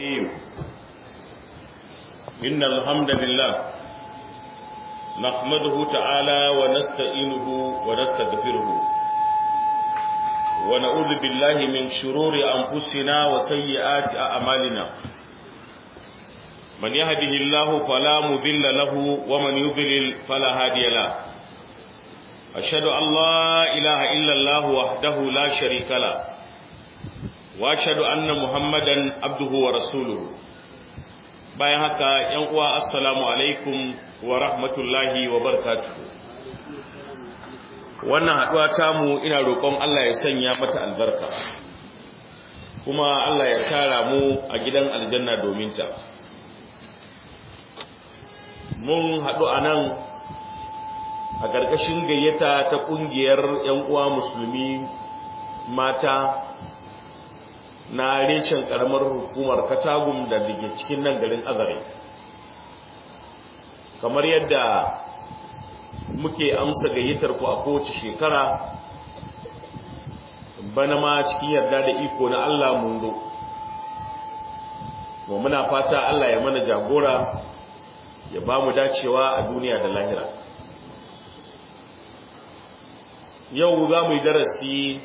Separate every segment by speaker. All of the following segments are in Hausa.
Speaker 1: الرحيم إن الحمد لله نحمده تعالى ونستعينه ونستغفره ونعوذ بالله من شرور أنفسنا وسيئات أعمالنا من يهده الله فلا مذل له ومن يضلل فلا هادي له أشهد أن لا إله إلا الله وحده لا شريك له واشهد ان محمدا عبده ورسوله bayan haka yan uwa assalamu alaikum wa rahmatullahi wa barkatu. wannan haduwa mu ina roƙon Allah ya sanya mata albarka kuma Allah ya tara mu a gidan aljanna domin ta mun haɗu a nan a ƙarƙashin gayyata ta ƙungiyar 'yan uwa musulmi mata na reshen karamar hukumar katagum da dake cikin nan garin azare kamar yadda muke amsa gayyatar ku a kowace shekara bana ma cikin yarda da iko na Allah mu zo muna fata Allah ya mana jagora ya ba mu dacewa a duniya da lahira yau za mu yi darasi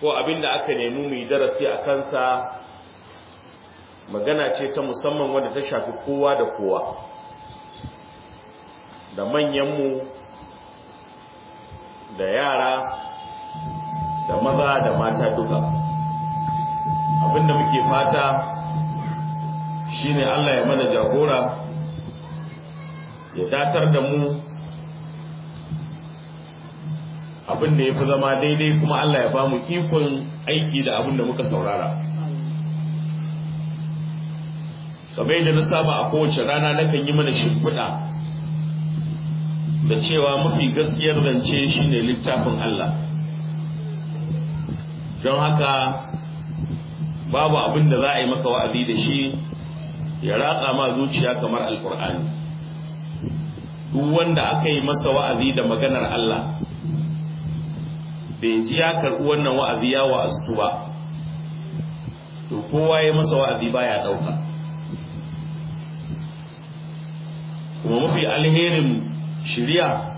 Speaker 1: ko abin da aka nemi mu yi darasi a kansa magana ce ta musamman wanda ta shafi kowa da kowa da manyanmu da yara da maza da mata duka abin da muke fata shine Allah ya mana jagora ya datar da mu abin da ya fi zama daidai kuma Allah ya ba mu ikon aiki da abin da muka saurara kamar yadda na saba a kowace rana na kan yi mana shimfiɗa da cewa mafi gaskiyar zance ne littafin Allah don haka babu abin da za a yi maka wa'azi da shi ya raƙa ma zuciya kamar Alƙur'ani. duk wanda aka yi masa wa'azi da maganar Allah bai ji ya karɓi wannan wa'azi ya wa'azu ba to kowa ya masa wa'azi baya ɗauka kuma mafi alherin shirya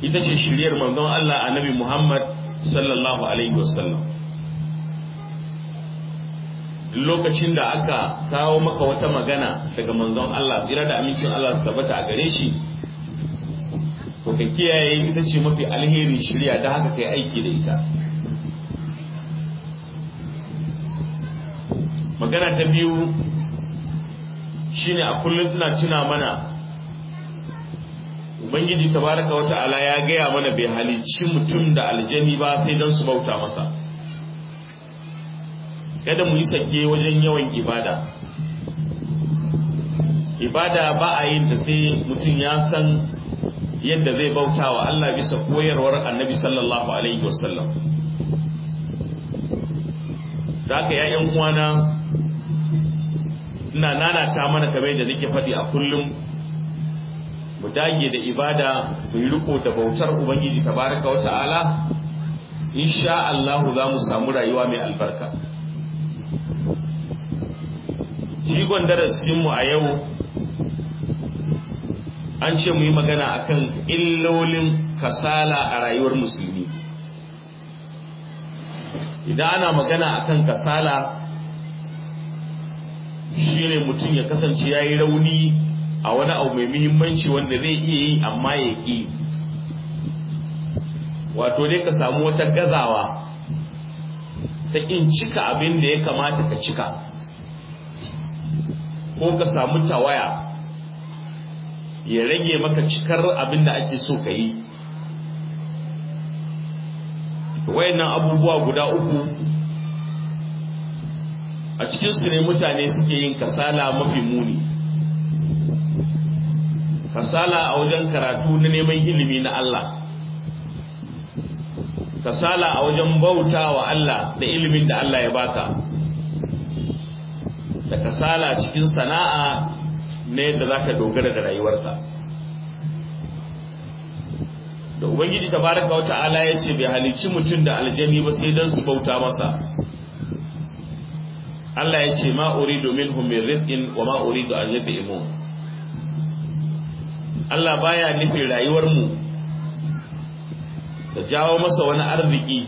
Speaker 1: ita ce shiryar manzon Allah a annabi Muhammad sallallahu alaihi wasallam lokacin da aka kawo maka wata magana daga manzon Allah tsira da amincin Allah su tabbata a gare shi ka kiyaye ita ce mafi alheri shirya da haka kai aiki da ita magana ta biyu shine a kullum suna tuna mana ubangiji tabaraka wata ala, ya gaya mana bai halicci mutum da aljani ba sai don su bauta masa kada mu yi sake wajen yawan ibada ibada ba a yin ta sai mutum ya san yadda zai bauta wa Allah bisa koyarwar annabi sallallahu alaihi wasallam da yayin ya'yan uwana ina nanata mana kamar da nake faɗi a kullum mu dage da ibada mu riko da bautar ubangiji ta tabaraka wata'ala insha Allah za mu samu rayuwa mai albarka jigon darasinmu a yau an ce mu yi magana a kan illolin kasala a rayuwar musulmi idan ana magana a kan kasala shi ne mutum ya kasance ya yi rauni a wani abu mai muhimmanci wanda zai iya yi amma ya ƙi wato dai ka samu wata gazawa ta in cika abin da ya kamata ka cika ko ka samu tawaya ya rage maka cikar abin da ake so ka yi wayannan abubuwa guda uku a cikin su ne mutane suke yin kasala mafi muni kasala a wajen karatu na neman ilimi na Allah kasala a wajen bauta wa Allah da ilimin da Allah ya baka da kasala cikin sana'a na yadda za ka dogara da rayuwarsa da ubangiji tabaraka wa ta'ala ya ce bai halicci mutum da aljani ba sai don su bauta masa Allah ya ce ma'uri domin minhum min wa ma'uri uridu an imo Allah baya nufin rayuwar mu da jawo masa wani arziki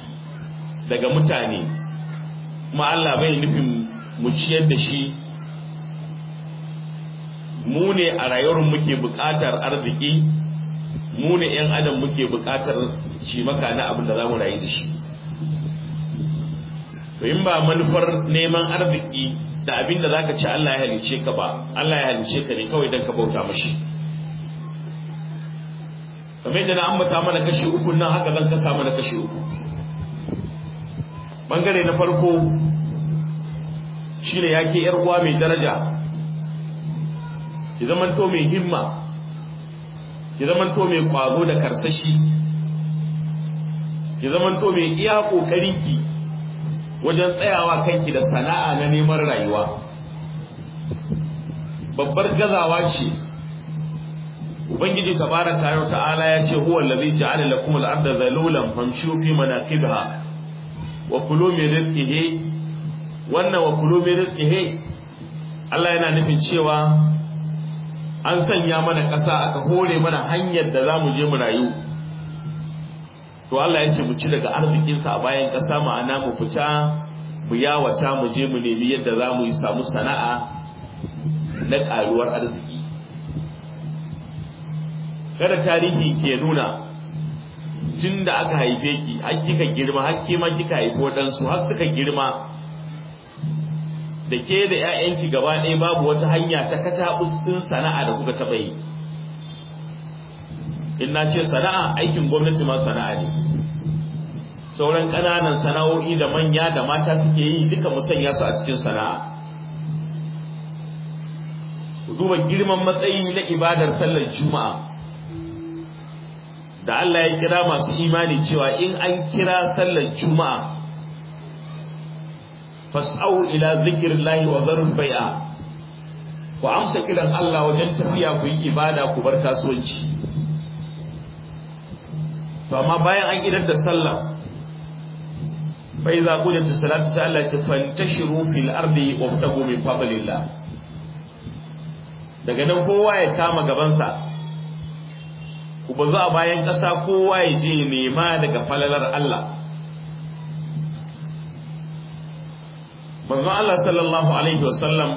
Speaker 1: daga mutane kuma Allah bai nufin mu ciyar da shi mu ne a rayuwar muke buƙatar arziki mu ne yan adam muke buƙatar shi maka na abin da za rayu da shi to in ba manufar neman arziki da abin da zaka ci Allah ya halice ka ba Allah ya halice ka ne kawai dan ka bauta mashi kamar da na ambata mana kashi uku nan haka zan samu na kashi uku bangare na farko shine yake yar uwa mai daraja ki zamanto to mai himma ki zamanto to mai kwazo da karsashi ki zamanto to mai iya ki wajen tsayawa kanki da sana'a na neman rayuwa babbar gazawa ce ubangiji tabaraka wa ta'ala ya ce huwa allazi ja'ala lakum al-ardha zalulan famshu fi manaqibha wa kulu min rizqihi wannan wa kulu min rizqihi Allah yana nufin cewa an sanya mana ƙasa aka hore mana hanyar da za mu je mu rayu to Allah ya ce mu ci daga arzikinsa a bayan ƙasa ma'ana mu fita mu yawata mu je mu nemi yadda za mu yi samu sana'a na ƙaruwar arziki kada tarihi ke nuna tun da aka haife ki har kika girma har kima kika haifi waɗansu har suka girma da ke da 'ya'yanki gaba ɗaya babu wata hanya ta kata ustin sana'a da kuka taɓa yi in na ce sana'a aikin gwamnati ma sana'a ne sauran ƙananan sana'o'i da manya da mata suke yi duka mu sanya su a cikin sana'a ku duba girman matsayi na ibadar sallar juma'a da Allah ya kira masu imani cewa in an kira sallar juma'a fas'au ila zikrillahi wa zarul bai'a ku amsa kiran Allah wajen tafiya ku yi ibada ku bar kasuwanci to amma bayan an idar da sallah fa idza qudiyatis salatu sai fantashiru fil ardi wabtagu min fadlillah daga nan kowa ya kama gabansa ku bazu a bayan ƙasa kowa ya je nema daga falalar Allah manzon Allah sallallahu alaihi wasallam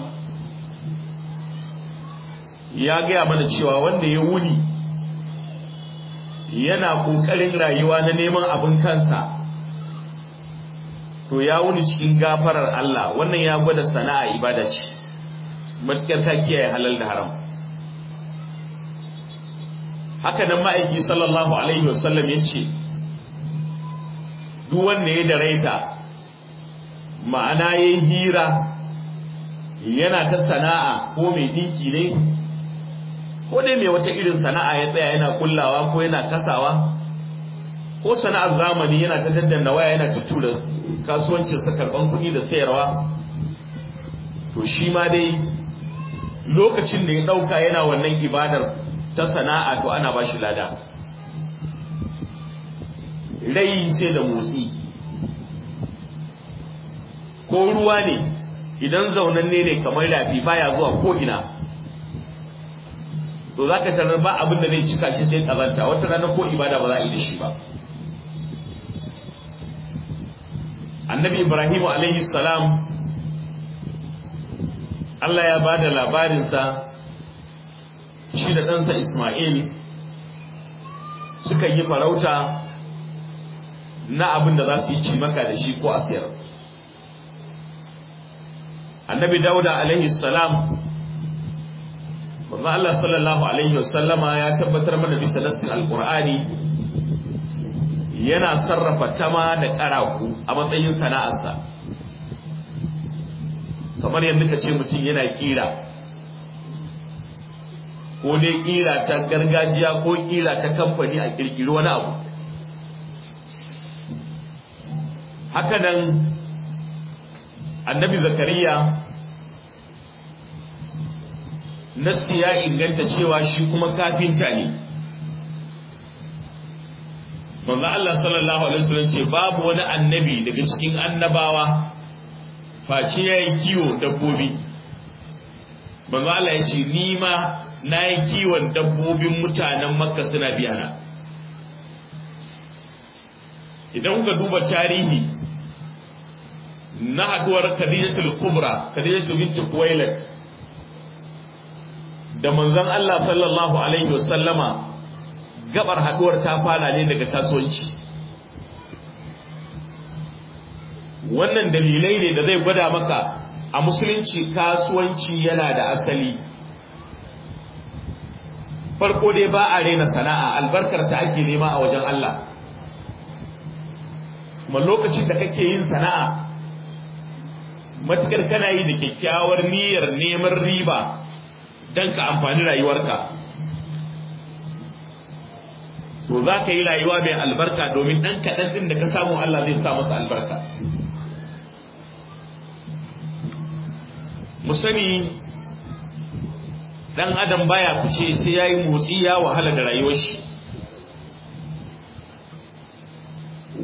Speaker 1: ya gaya mana cewa wanda ya wuni yana ƙoƙarin rayuwa na neman abin kansa to ya wuni cikin gafarar Allah wannan ya gwada sana'a ibada ce matukar ta kiyaye halal da haram haka nan ma'aiki sallallahu alaihi wasallam ya ce duk wanda ya daraita ma'ana yi hira yana ta sana'a ko mai dinki ne ko dai mai wata irin sana'a ya tsaya yana kullawa ko yana kasawa ko sana'ar zamani yana ta daddanna waya yana tura kasuwancin sa karban kuɗi da sayarwa to shi ma dai lokacin da ya ɗauka yana wannan ibadar ta sana'a to ana ba shi lada rai sai da motsi ko ruwa ne idan zaunanne ne kamar rafi baya zuwa ko ina to ka tarar ba abin da zai cika shi sai kazanta wata ranar ko ibada ba za a yi da shi ba annabi ibrahim alayhi salam Allah ya ba bada labarinsa shi da ɗansa Ismail suka yi farauta na abin da za su yi cimaka da shi ko asiyar annabi dauda alaihi salam manzo Allah sallallahu alaihi wasallama ya tabbatar mana bisa nassin alqur'ani yana sarrafa tama da karaku a matsayin sana'arsa kamar yadda kace mutum yana kira ko dai kira ta gargajiya ko kira ta kamfani a kirkiri wani abu haka nan annabi zakariya nassi ya inganta cewa shi kuma kafinta ne manzo Allah sallallahu alaihi wasallam ce babu wani annabi daga cikin annabawa face yayi kiwo dabbobi manzo Allah ya ce ni ma nayi kiwon dabbobin mutanen Makka suna biyana idan kuka duba tarihi na haduwar Khadijatul Kubra khadijatu bint kuwailat da manzon Allah sallallahu alaihi wasallama gabar haduwar ta fara ne daga kasuwanci wannan dalilai ne da zai gwada maka a musulunci kasuwanci yana da asali farko dai ba a rena sana'a albarkar ta ake nema a wajen Allah kuma lokacin da kake yin sana'a matukar kana yi da kyakkyawar niyyar neman riba don ka amfani rayuwarka to za ka yi rayuwa mai albarka domin ɗan kaɗan ɗin da ka samu Allah zai sa masa albarka mu sani ɗan adam baya fice sai ya yi motsi ya wahala da rayuwar shi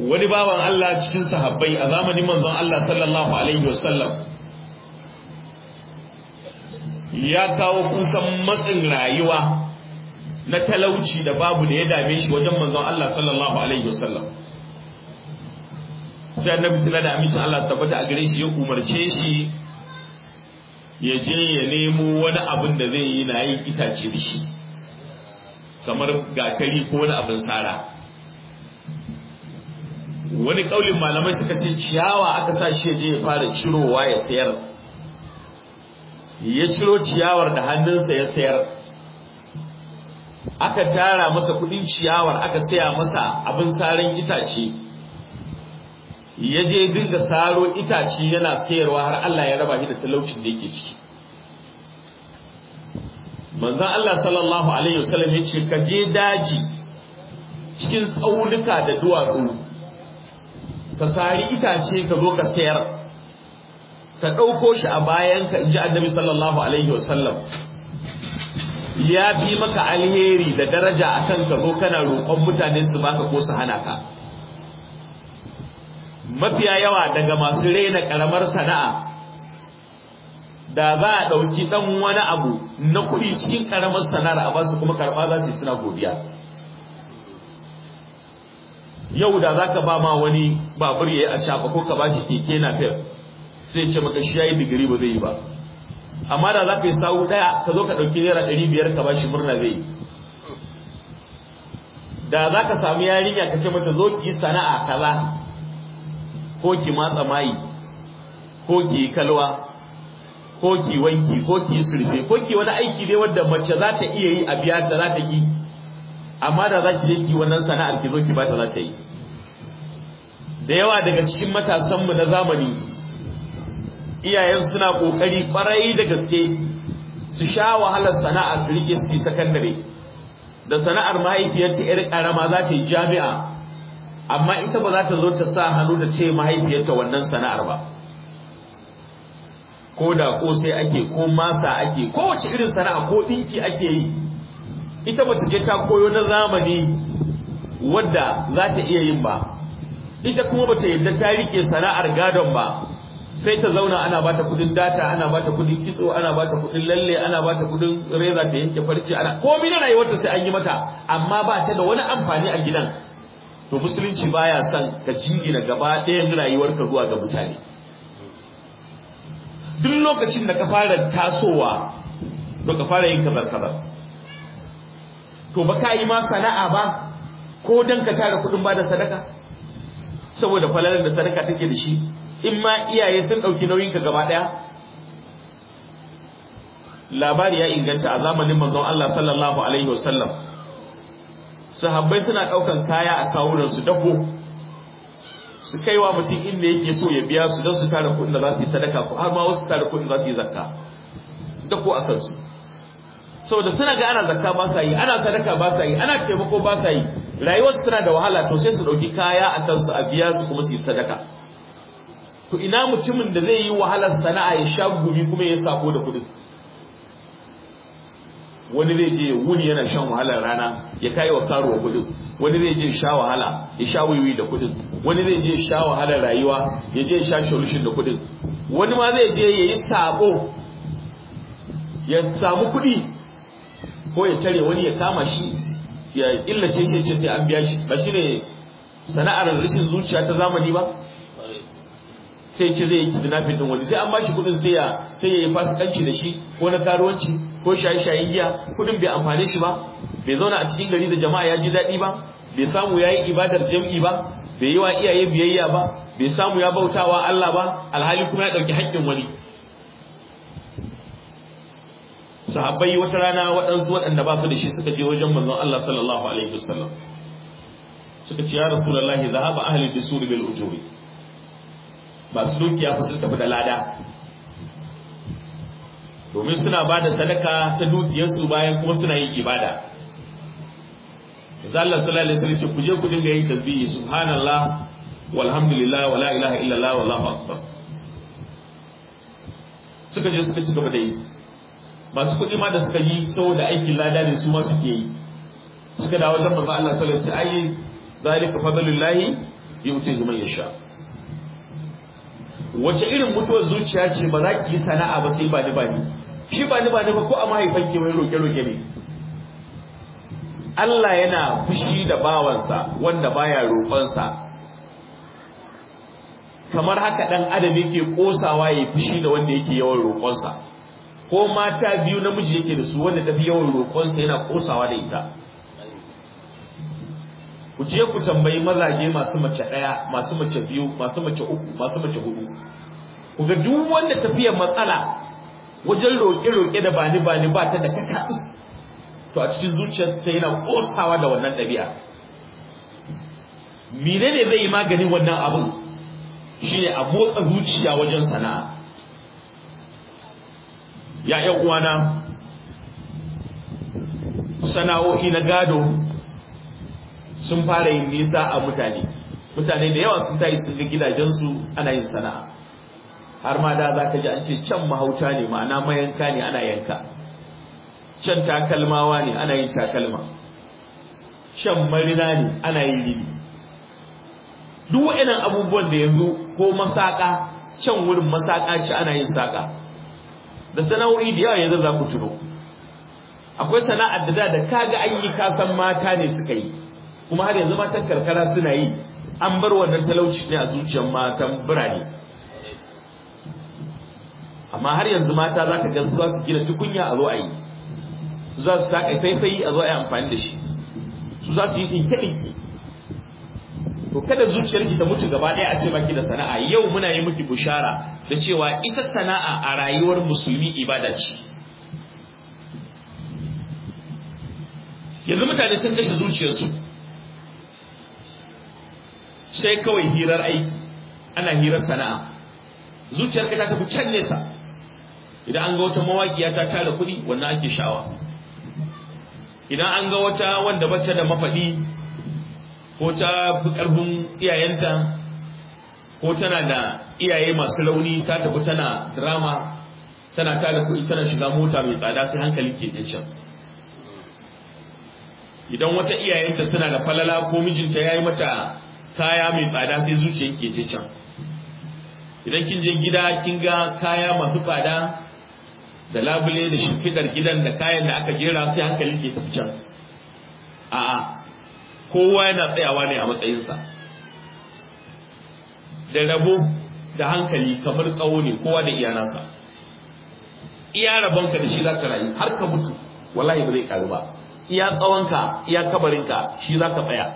Speaker 1: wani bawan Allah cikin sahabbai a zamanin manzon Allah sallallahu alaihi wasallam ya kawo kusan matsin rayuwa na talauci da babu da ya dame shi wajen manzon Allah sallallahu alaihi wasallam sai annabi sallallahu da amincin Allah tabbata a gare shi ya umarce shi ya je ya nemo wani abin da zai yi na yi itace da shi kamar gatari ko wani abin sara wani kaulin malamai suka ce ciyawa aka sa shi je ya fara cirowa ya sayar ya ciro ciyawar da hannunsa ya sayar aka tara masa kudin ciyawar aka saya masa abin sarin itace ya je dinga saro itace yana sayarwa har Allah ya raba shi da talaucin da yake ciki manzo Allah sallallahu alaihi wasallam ya ce ka je daji cikin tsaunuka da duwatsu ka sari itace ka zo ka sayar ka ɗauko shi a bayan ka ji annabi sallallahu alaihi wasallam ya fi maka alheri da daraja akan ka zo kana roƙon mutane su baka ko su hana ka mafiya yawa daga masu raina karamar sana'a da za a ɗauki ɗan wani abu na kuɗi cikin ƙaramar sana'ar a basu kuma karɓa za su yi suna godiya yau da za ka ba ma wani babur ya yi a cafa ko ka bashi keke na fef sai ce maka shi ya yi digiri ba zai yi ba amma da za ka yi sawu daya ka zo ka dauki naira 500 ka ba shi murna zai yi da za ka samu yarinya ka ce mata zo ki yi sana'a kaza ko ki matsa mai ko ki yi kalwa ko ki wanki ko ki yi surfe ko ki wani aiki dai wadda mace za ta iya yi a biya ta za ta yi amma da za ki je ki wannan sana'ar ki zo ki bata za ta yi da yawa daga cikin matasanmu na zamani iyayen suna kokari kwarai da gaske su sha wahalar sana'a su rike su sakandare da sana'ar mahaifiyarta yar karama za ta yi jami'a amma ita ba za ta zo ta sa hannu da ce mahaifiyarta wannan sana'ar ba ko da ko sai ake ko masa ake kowace irin sana'a ko dinki ake yi ita bata je ta koyo na zamani wadda za ta iya yin ba ita kuma bata yadda ta rike sana'ar gadon ba sai ta zauna ana ba ta kudin data ana ba ta kudin kitso ana ba ta kudin lalle ana ba ta kudin reza ta yanke farce ana komai na rayuwarta sai an yi mata amma ba ta da wani amfani a gidan to musulunci baya son ka jingina gaba ɗayan rayuwarka zuwa ga mutane duk lokacin da ka fara tasowa to ka fara yin kabar kabar to ba ka yi ma sana'a ba ko dan ka tara kudin ba da sadaka saboda falalar da sadaka take da shi in ma iyaye sun dauki nauyin ka gaba daya labari ya inganta a zamanin manzon Allah sallallahu alaihi wasallam sahabbai suna daukan kaya a kawunan su dako su kaiwa mutum inda yake so ya biya su don su tara kudin da za su yi sadaka ko har ma wasu tara kudin za su yi zakka dako akan su saboda suna ga ana zakka ba sa yi ana sadaka ba sa yi ana taimako ba sa yi rayuwar su tana da wahala to sai su dauki kaya a su a biya su kuma su yi sadaka to ina mutumin da zai yi wahalar sana'a ya sha gumi kuma ya sako da kudin wani zai je wuni yana shan wahalar rana ya kai wa karuwa kudin wani zai je sha wahala ya sha wiwi da kudin wani zai je sha wahalar rayuwa ya je sha solution da kudin wani ma zai je ya yi sabo ya samu kudi ko ya tare wani ya kama shi ya illace shi ce sai an biya shi ba shi ne sana'ar rashin zuciya ta zamani ba sai ce zai yi kidnapping din wani sai an shi kudin sai ya sai ya yi fasikanci da shi ko na karuwanci ko shaye-shayen giya kudin bai amfane shi ba bai zauna a cikin gari da jama'a ya ji daɗi ba bai samu ya yi ibadar jam'i ba bai yi wa iyaye biyayya ba bai samu ya bautawa Allah ba alhali kuma ya ɗauki haƙƙin wani sahabbai wata rana waɗansu waɗanda ba su da shi suka je wajen manzon Allah sallallahu alaihi wasallam suka ce ya rasulullahi zahaba ahli bisuri bil ujuri ba su dukiya fa sun tafi da lada domin suna ba da sadaka ta dukiyarsu bayan kuma suna yin ibada zalla sallallahu alaihi wasallam ce ku je ku dinga yin tasbihi subhanallah walhamdulillah wala ilaha illallah wallahu akbar suka je suka ci gaba da yi masu kuɗi ma da suka yi saboda aikin lada ne su ma suke yi suka dawo ta manzo Allah sallallahu alaihi wasallam ai zalika fadlullahi yu'ti man yasha wace irin mutuwar zuciya ce ba za ki yi sana'a ba sai ba ni ba shi ba ni ba ba ko a mahaifan ki wai roke roke ne Allah yana fushi da bawansa wanda baya roƙonsa kamar haka dan adam yake kosawa ya fushi da wanda yake yawan roƙonsa ko mata biyu namiji yake da su wanda tafi yawan roƙonsa yana kosawa da ita ku je ku tambayi mazaje masu mace ɗaya masu mace biyu masu mace uku masu mace hudu ku ga duk wanda tafiyar matsala wajen roƙe-roƙe da bani bani ba ta da kakaɗus to a cikin zuciyarsa yana kosawa da wannan ɗabi'a menene zai yi maganin wannan abin ne a motsa zuciya wajen sana'a ya ƴan uwana sana'o'i na gado sun fara yin nisa a mutane mutane da yawa sun tayi sun ga gidajensu ana yin sana'a har ma da za ka ji an ce can mahauta ne ma'ana mayanka ne ana yanka can takalmawa ne ana yin takalma can marina ne ana yin lili duk wa'inan abubuwan da yanzu ko masaka can wurin masaka ce ana yin saka da sana'o'i da yawa yanzu za ku tuno akwai sana'ar da da da kaga an yi kasan mata ne suka yi kuma har yanzu matan karkara suna yi an bar wannan talauci ne a zuciyar matan birane amma har yanzu mata za ka ga za su gina tukunya a zo a yi za su kai faifai a zo a yi amfani da shi su za su yi ɗinke-ɗinke to kada zuciyarki ta mutu gaba ɗaya a ce baki da sana'a yau muna yi miki bushara da cewa ita sana'a a rayuwar musulmi ibada ce yanzu mutane sun kashe zuciyarsu sai kawai hirar aiki ana hirar sana'a zuciyarka ta tafi can nesa idan an ga wata mawaƙiya ta tara kuɗi wannan ake sha'awa idan an ga wata wanda bata da mafaɗi ko ta fi ƙarfin iyayenta ko tana da iyaye masu rauni ta tafi tana drama tana tada kuɗi tana shiga mota mai tsada sai hankali ke can idan wata iyayenta suna da falala ko mijinta ya yi mata kaya mai tsada sai zuciyar ke can idan kin je gida kin ga kaya masu tsada da labule da shimfidar gidan da kayan da aka jera sai hankali ke tafi can a'a kowa yana tsayawa ne a matsayinsa da rabo da hankali kamar tsawo ne kowa da iyanansa iya rabonka da shi za ka rayu har ka mutu wallahi ba zai karu ba iya tsawonka iya kabarinka shi za ka tsaya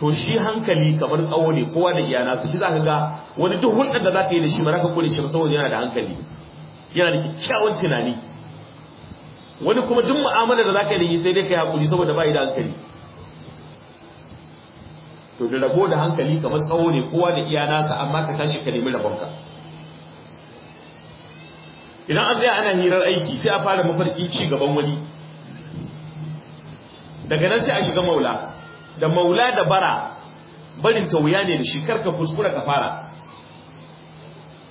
Speaker 1: to shi hankali kamar tsawo ne kowa da iyanansa shi za ka ga wani duk hulɗar da za ka yi da shi ba za ka kone shi ba saboda yana da hankali yana da kyakkyawan tunani wani kuma duk mu'amala da za ka yi sai dai ka yi hakuri saboda ba yi da hankali to da rabo da hankali kamar tsawo ne kowa da iya nasa amma ka tashi ka nemi rabonka idan an tsaya ana hirar aiki sai a fara mafarki ci gaban wani daga nan sai a shiga maula da maula da bara barin ta ne da shi ka kuskura ka fara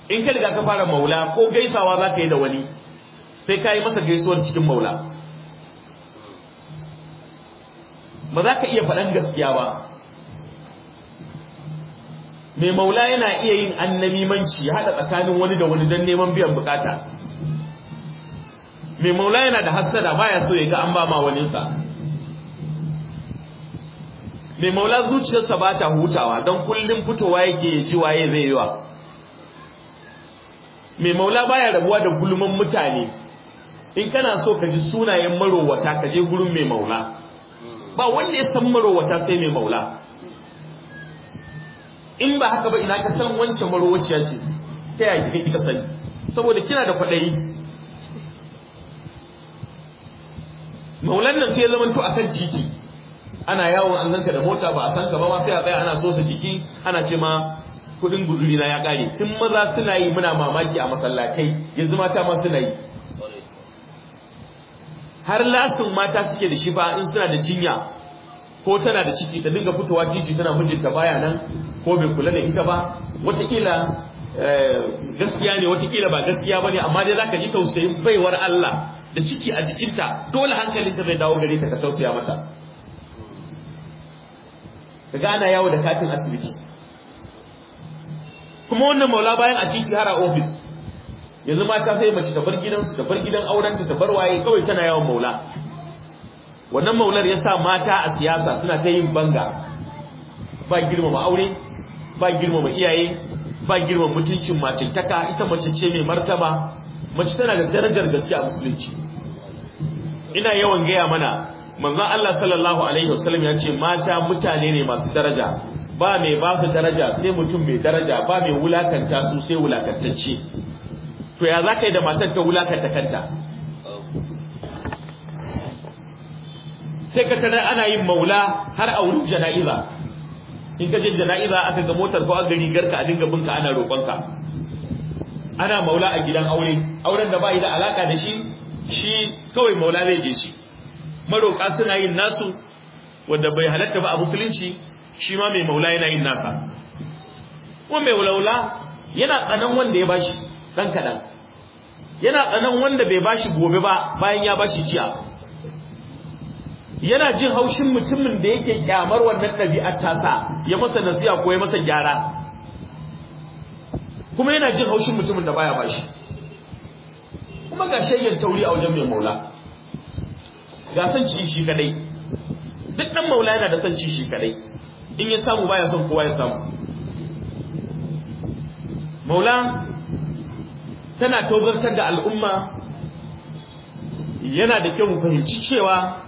Speaker 1: in ka riga ka fara maula ko gaisawa za ka yi da wani sai ka yi masa gaisuwar cikin maula ba za ka iya faɗan gaskiya ba mai maula yana iya yin annamimanci ya haɗa tsakanin wani da wani don neman biyan bukata mai maula yana da hassada baya so ya ga an ba ma waninsa mai maula zuciyarsa ba ta hutawa don kullum fitowa yake ya ji waye zai yiwa mai maula baya rabuwa da gulman mutane in kana so ka ji sunayen marowata ka je gurin mai maula ba wanda ya san marowata sai mai maula in ba haka ba ina ka san wancan marwaciya ce ta yaya kika kika sani saboda kina da kwaɗayi maulan sai ya zamanto a kan titi ana yawon an ganka da mota ba a san ka ba ma sai a tsaya ana sosa jiki ana ce ma kudin guzuri na ya kare tun maza suna yi muna mamaki a masallatai yanzu mata ma suna yi har lasin mata suke da shi in suna da jinya ko tana da ciki ta dinga fitowa titi tana mijinta baya nan ko bai kula da ita ba wataƙila eh, gaskiya ne watakila ba gaskiya ba ne amma dai zaka ji tausayin baiwar Allah da ciki a jikinta dole hankalinta bai dawo gare ta ka tausaya mata ka gana yawo da katin asibiti kuma wannan maula bayan a titi har a ofis yanzu mata sai mace ta bar gidansu ta bar gidan aurenta ta bar waye kawai tana yawon maula wannan maular ya sa mata a siyasa suna ta yin banga ba girmama aure ba girmama iyaye ba girmama mutuncin matintaka ita mace ce mai martaba mace tana da darajar gaske a musulunci ina yawan gaya mana manzon Allah sallallahu alaihi wasallam ya ce mata mutane ne masu daraja ba mai ba su daraja sai mutum mai daraja ba mai wulakanta su sai wulakantacce to ya zaka yi da matar ta wulakanta kanta sai ka tana ana yin maula har a wurin jana'iza in ka je jana'iza aka ga motar ko aka rigar ka a dinga binka ana roƙonka ana maula a gidan aure auren da ba da alaka da shi shi kawai maula zai je shi maroƙa suna yin nasu wanda bai halatta ba a musulunci shi ma mai maula yana yin nasa kuma mai walaula yana tsanan wanda ya bashi dan kaɗan yana tsanan wanda bai bashi gobe ba bayan ya bashi jiya yana jin haushin mutumin da yake kyamar wannan ɗabi'ar tasa ya masa nasiya ko ya masa gyara kuma yana jin haushin mutumin da baya bashi kuma ga shayyar tauri a wajen mai maula ga san ci shi kadai duk ɗan maula yana da san ci shi kadai in ya samu baya son kowa ya samu maula tana tobartar da al'umma yana da kyau fahimci cewa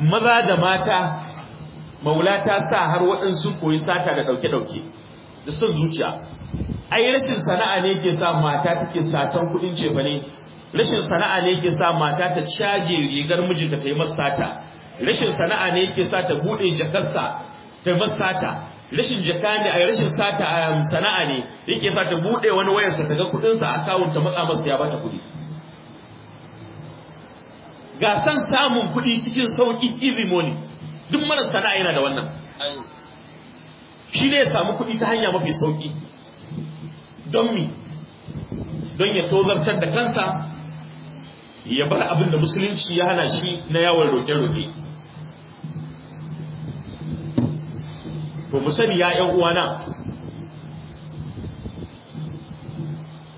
Speaker 1: maza da mata maula ta sa har waɗansu koyi sata da ɗauke-ɗauke da son zuciya ai rashin sana'a ne ke sa mata take satan kuɗin cefane rashin sana'a ne ke sa mata ta caje rigar da ta yi masata? sata rashin sana'a ne ke sa ta buɗe jakarsa ta yi masa sata rashin jaka ne a rashin sata a um, sana'a ne yake sa ta buɗe wani wayarsa ta ga kuɗinsa a kawunta matsa masa ya bata kuɗi ga san samun kuɗi cikin sauƙi easy money duk mara sana'a yana da wannan shi ne ya samu kuɗi ta hanya mafi sauƙi don mi don ya tozartar da kansa ya bar abin da musulunci ya hana shi na yawon roƙe-roƙe to mu sani ya ‘yan uwana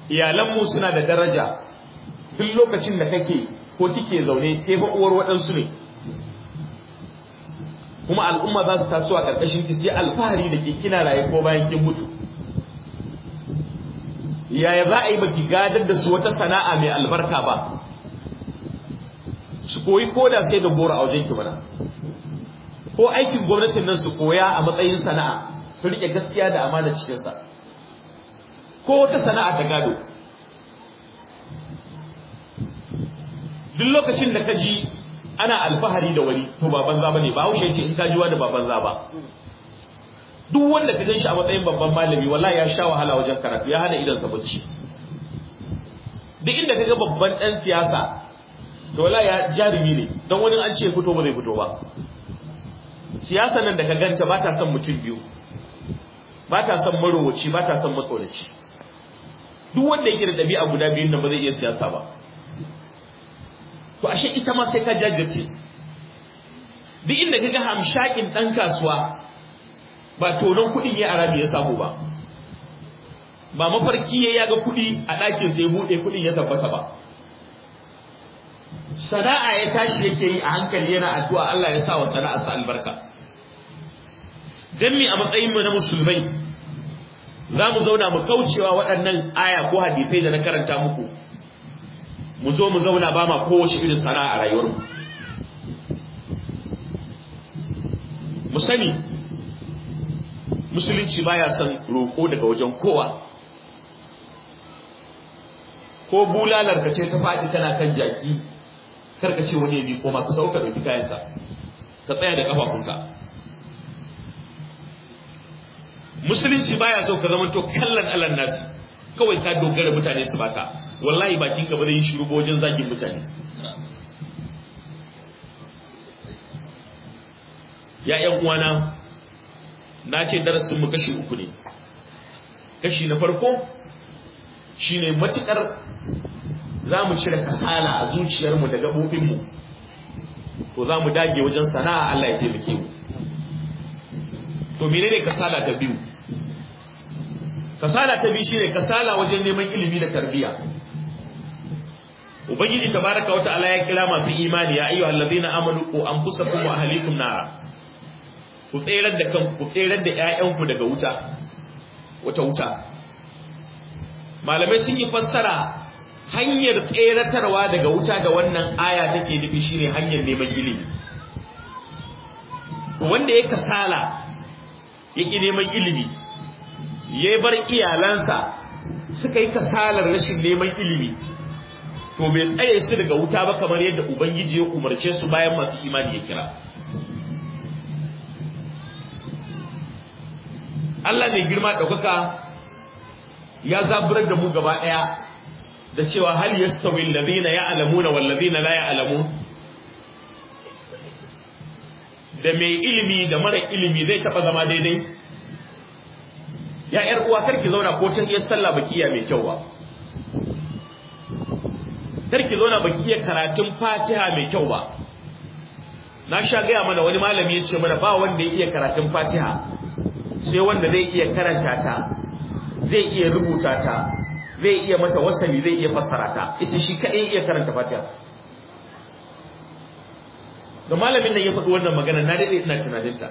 Speaker 1: iyalanmu suna da daraja duk lokacin da kake ko kike zaune ke ba uwar waɗansu ne kuma al'umma za su taso a ƙarƙashin ki alfahari da ke kina raye ko bayan kin mutu yaya za a yi ki gadar da su wata sana'a mai albarka ba su koyi koda sai da bora a wajen ki bana ko aikin gwamnatin nan su koya a matsayin sana'a su riƙe gaskiya da amana cikinsa ko wata sana'a ta gado duk lokacin da ka ji ana alfahari da wani to ba banza bane ba haushe yake in ka ji wani ba banza ba duk wanda ka gan shi a matsayin babban malami wallahi ya sha wahala wajen karatu ya hana idan sa bacci duk inda ka ga babban dan siyasa to wallahi ya jarumi ne dan wani an ce fito ba zai fito ba siyasa nan da ka ganta ba ta son mutum biyu ba ta son marowaci ba ta son matsoraci duk wanda yake da ɗabi'a guda biyun nan ba zai iya siyasa ba to ashe ita ma sai ka jajirce duk inda kaga hamshakin dan kasuwa ba tonon kuɗin ya arabi ya samu ba ba mafarki ya ga kuɗi a ɗakin sai buɗe kuɗin ya tabbata ba sana'a ya tashi yake yi a hankali yana addu'a Allah ya sa wa sana'a su albarka dan mi a matsayin mu na musulmai za mu zauna mu kaucewa waɗannan aya ko hadisai da na karanta muku mu zo mu zauna ba ma kowace irin sana'a a rayuwar mu sani musulunci baya son roƙo daga wajen kowa ko bulalar ka ce ta faɗi tana kan jaki kar ka ce wani bi koma ka sauka ɗauki kayanka ka tsaya da ƙafafunka musulunci baya so ka to kallon alan nasi kawai ka dogara mutane su baka wallahi bakin ka ba zai yi shiru ba wajen zagin mutane ya ƴan uwana na ce darasin mu kashi uku ne kashi na farko shine matukar za mu cire kasala a zuciyarmu da gaɓoɓinmu to za mu dage wajen sana'a Allah ya taimake mu to menene kasala ta biyu kasala ta biyu shine kasala wajen neman ilimi da tarbiyya ubangiji tabaraka wa ala ya kira masu imani ya ayyuha allazina amanu qu anfusakum wa ahlikum nara ku tsere da kanku ku tsere da ƴaƴanku daga wuta wata wuta malamai sun yi fassara hanyar tseratarwa daga wuta da wannan aya take nufi shine hanyar neman ilimi wanda ya kasala ya ki neman ilimi ya bar iyalansa suka yi kasalar rashin neman ilimi to bai tsaye su daga wuta ba kamar yadda ubangiji ya umarce su bayan masu imani ya kira Allah mai girma ɗaukaka ya zaburar da mu gaba ɗaya da cewa hal yastawi alladhina ya'lamuna wal ladhina la ya'lamun da mai ilimi da mara ilimi zai taba zama daidai ya yar uwa karki zauna ko ta iya sallah bakiya mai kyau ba ki zauna baki iya karatun fatiha mai kyau ba na sha gaya mana wani malami ya ce mana ba wanda ya iya karatun fatiha sai wanda zai iya karanta ta zai iya rubuta ta zai iya mata wasali zai iya fassara ta ita shi kaɗai iya karanta fatiha da malamin nan ya faɗi wannan magana na dade ina tunaninta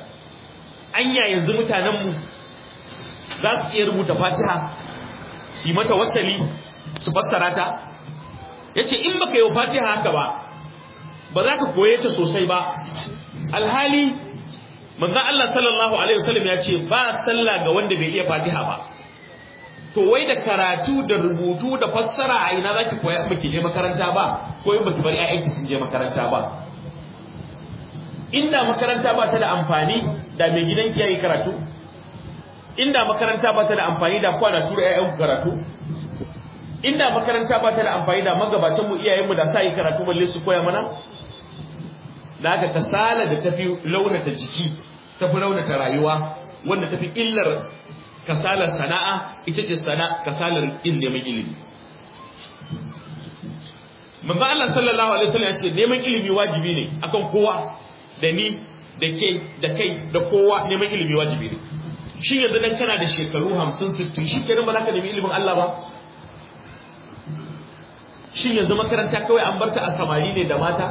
Speaker 1: anya yanzu mutanenmu za su iya rubuta fatiha su mata wasali su fassara ta yace in baka yi fatiha haka ba ba za ka koye ta sosai ba alhali manzo Allah sallallahu alaihi wasallam ya ce ba sallah ga wanda bai iya fatiha ba to wai da karatu da rubutu da fassara a ina zaki koya baki je makaranta ba ko in baki bar ƴaƴanki sun je makaranta ba inda makaranta ba ta da amfani da mai gidanki yayi karatu inda makaranta ba ta da amfani da kwana tura ƴaƴanku karatu inda makaranta ba ta da amfani da magabatan mu iyayen mu da sa yi karatu balle su koya mana da haka kasala da tafi launata jiki tafi launata rayuwa wanda tafi illar kasalar sana'a ita ce sana kasalar neman ilimi manzo Allah sallallahu alaihi wasallam ya ce neman ilimi wajibi ne akan kowa da ni da ke da kai da kowa neman ilimi wajibi ne Shin yanzu dan kana da shekaru 50 60 shi kenan ba za ka nemi ilimin Allah ba shin yanzu makaranta kawai an barta a samari ne da mata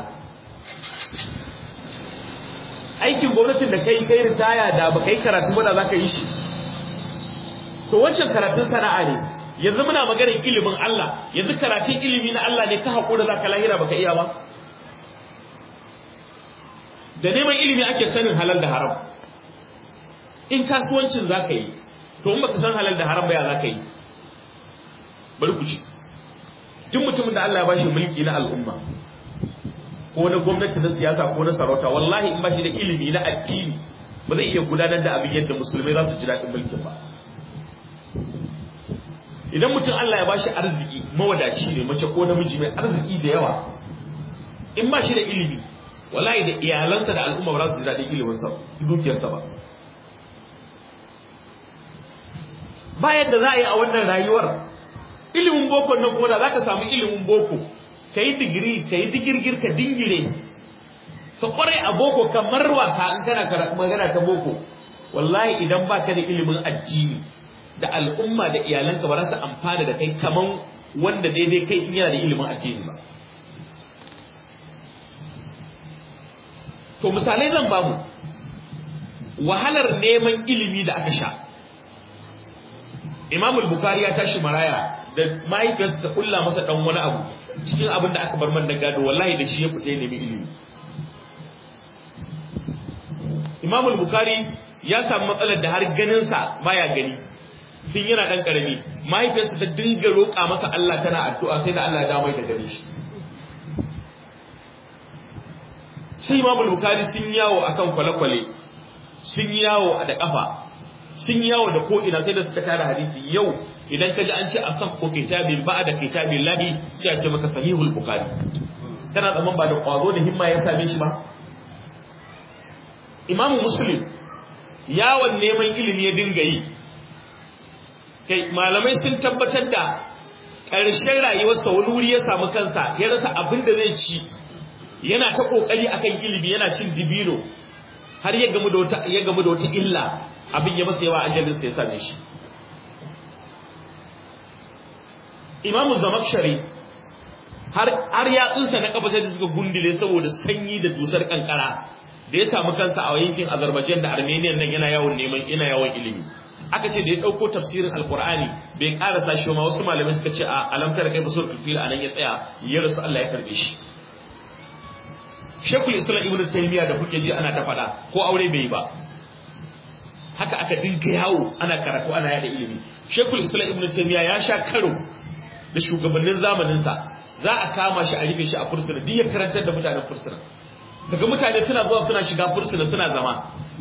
Speaker 1: aikin gwamnatin da kai kai ritaya da baka yi karatu ba da ka yi shi to wancan karatun sana'a ne yanzu muna maganar ilimin Allah yanzu karatun ilimi na Allah ne ka hakura ka lahira baka iya ba da neman ilimi ake sanin halal da haram in kasuwancin za ka yi to in ka san halal da haram ba ya ka yi bari ku ci duk mutumin da Allah ya bashi mulki na al'umma ko na gwamnati na siyasa ko na sarauta wallahi in bashi da ilimi na addini ba zai iya gudanar da abin yadda musulmai za su ji daɗin mulkin ba idan mutum Allah ya bashi arziki mawadaci ne mace ko namiji mai arziki da yawa in bashi da ilimi wallahi da iyalansa da al'umma ba za su ji daɗin ilimin dukiyarsa ba bayan da za a yi a wannan rayuwar ilimin boko na kuma za ka samu ilimin boko ka yi digiri ka yi digirgir ka dingire ka kware a boko kamar wasa in kana magana ta boko wallahi idan ba ka da ilimin addini da al'umma da iyalanka ba za su amfana da kai kaman wanda daidai kai in yana da ilimin addini ba to misalai zan bamu wahalar neman ilimi da aka sha imamul bukhari ya tashi maraya da mahaifiyarsa ta kulla masa dan wani abu cikin abin da aka bar man da gado wallahi da shi ya fita ya nemi ilimi Imam al-Bukhari ya samu matsalar da har ganin sa baya gani tun yana dan karami mahaifiyarsa ta dinga roƙa masa Allah tana addu'a sai da Allah ya dawo da gare shi sai Imam al-Bukhari sun yawo akan kwale-kwale sun yawo da kafa sun yawo da ko ina sai da suka tara hadisi yau idan ka ji an ce a san ko kitabin ba da kitabin lahi sai a ce maka sahihul bukari kana tsaman ba da kwazo da himma ya same shi ba imam muslim yawon neman ilimi ya dinga yi kai malamai sun tabbatar da ƙarshen rayuwarsa wani wuri ya samu kansa ya rasa abin da zai ci yana ta ƙoƙari akan ilimi yana cin dibino har ya gamu da wata illa abin ya masa yawa ajalinsa ya same shi imamu zamakshari har har yatsunsa na kafa sai suka gundule saboda sanyi da dusar kankara da ya samu kansa a yankin Azerbaijan da Armenia nan yana yawon neman ina yawon ilimi aka ce da ya dauko tafsirin alqur'ani bai karasa shi ma wasu malamai suka ce a alamtar kai basul a anan ya tsaya ya rasu Allah ya karbe shi Shekul Islam Ibn Taymiyyah da kuke ji ana ta faɗa ko aure bai ba haka aka dinka yawo ana karatu ana yada ilimi Shekul Islam Ibn Taymiyyah ya sha karo da shugabannin zamaninsa za a kama shi a rufe shi a fursuna duk ya karantar da mutanen fursuna daga mutane suna zuwa suna shiga fursuna suna zama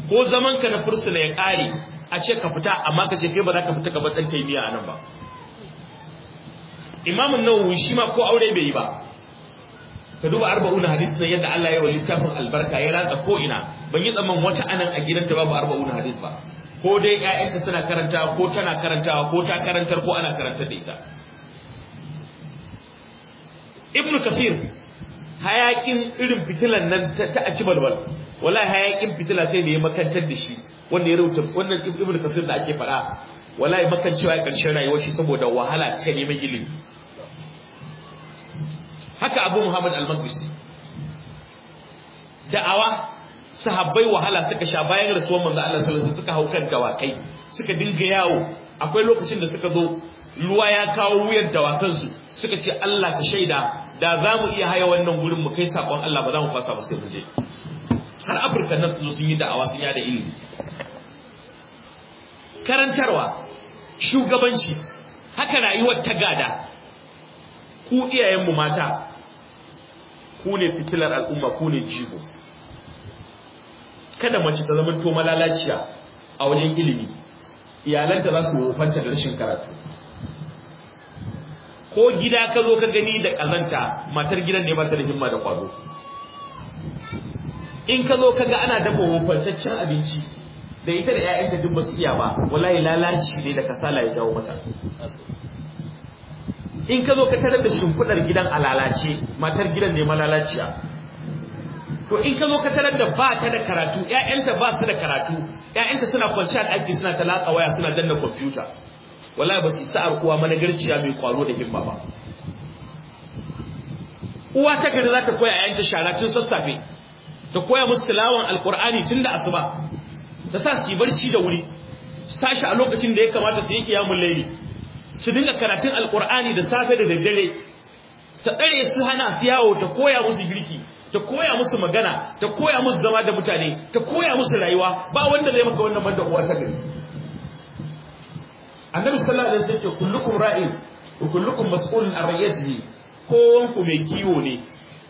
Speaker 1: ko zaman ka na fursuna ya kare a ce ka fita amma ka ce kai ba za ka fita ka bar dan taimiya a nan ba imamun nawawi shi ma ko aure bai yi ba ka duba arba'una hadisi na yadda Allah ya wa littafin albarka ya ratsa ko ina ban yi tsaman wata anan a gidanta babu arba'una hadis ba ko dai 'ya'yanta suna karantawa ko tana karantawa ko ta karantar ko ana karantar da ita ibnu kasir hayakin irin fitilan nan ta a ci balbal wallahi hayakin fitila sai da ya makantar da shi wanda ya rubuta wannan ibnu kasir da ake faɗa wallahi makancewa a rayuwar shi saboda wahala ta neman ilimi haka abu muhammad al da'awa sahabbai wahala suka sha bayan rasuwar manzo Allah sallallahu alaihi suka hau kan dawakai suka dinga yawo akwai lokacin da suka zo ruwa ya kawo wuyar su suka ce Allah ka shaida da za mu iya haya wannan gurin mu kai sakon Allah ba za mu fasa ba sai mu je har Afirka nan su sun yi da'awa sun yada ilimi karantarwa shugabanci haka rayuwar ta gada ku iyayenmu mata ku ne fitilar al'umma ku ne jigo kada mace ta zama to malalaciya a wajen ilimi iyalanta za su wofanta da rashin karatu ko gida ka zo ka gani da kazanta matar gidan ne ba ta da himma da kwazo in ka zo ka ga ana dafa hofantaccen abinci da ita da 'ya'yanta duk su iya ba wallahi lalaci ne da kasala ya jawo mata in ka zo ka tarar da shimfiɗar gidan a lalace matar gidan ne ma lalaciya. to in ka zo ka tarar da ba ta da karatu 'ya'yanta ba su da karatu 'ya'yanta suna kwanciya a ɗaki suna talaka waya suna danna kwamfuta wala ba su sa'ar uwa managarciya mai kwaro da himma ba uwa ta gari za ta koya yanta shara tun sassafe ta koya musu tilawan alkur'ani tun da asuba ta sa su yi barci da wuri su tashi a lokacin da ya kamata su yi kiyamun laili su dinga karatun alkur'ani da safe da daddare ta tsare su hana su yawo ta koya musu girki ta koya musu magana ta koya musu zama da mutane ta koya musu rayuwa ba wanda zai maka wannan banda uwa ta gari annabi sallallahu alaihi wasallam ce kullukum ra'in wa kullukum mas'ulun an ra'iyatihi kowan ku mai kiwo ne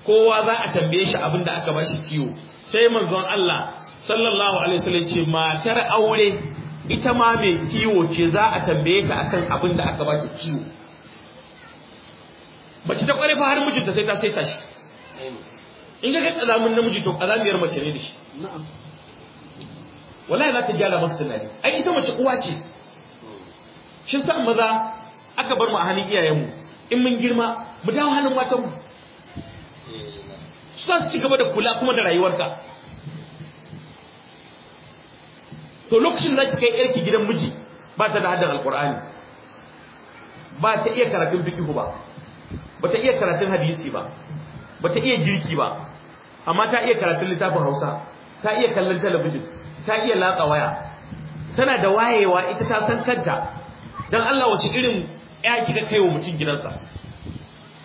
Speaker 1: kowa za a tambaye shi abin da aka ba shi kiwo sai manzon Allah sallallahu alaihi wasallam ce matar aure ita ma mai kiwo ce za a tambaye ta akan abin da aka ba ta kiwo mace ta kware fa har mijinta sai ta saita shi in ga kalamin namiji to kalamiyar mace ne da shi wallahi za ta gyara masa tunani ai ita mace uwa ce shi sa maza aka bar mu a hannun iyayenmu in mun girma mu dawo hannun matanmu su za su ci gaba da kula kuma da rayuwarka to lokacin da kai yarki gidan miji ba ta da haddar alkur'ani ba ta iya karatun fikihu ba ba ta iya karatun hadisi ba ba ta iya girki ba amma ta iya karatun littafin hausa ta iya kallon talabijin ta iya latsa waya tana da wayewa ita ta san kanta dan Allah wace irin ya kika kai wa mutum gidansa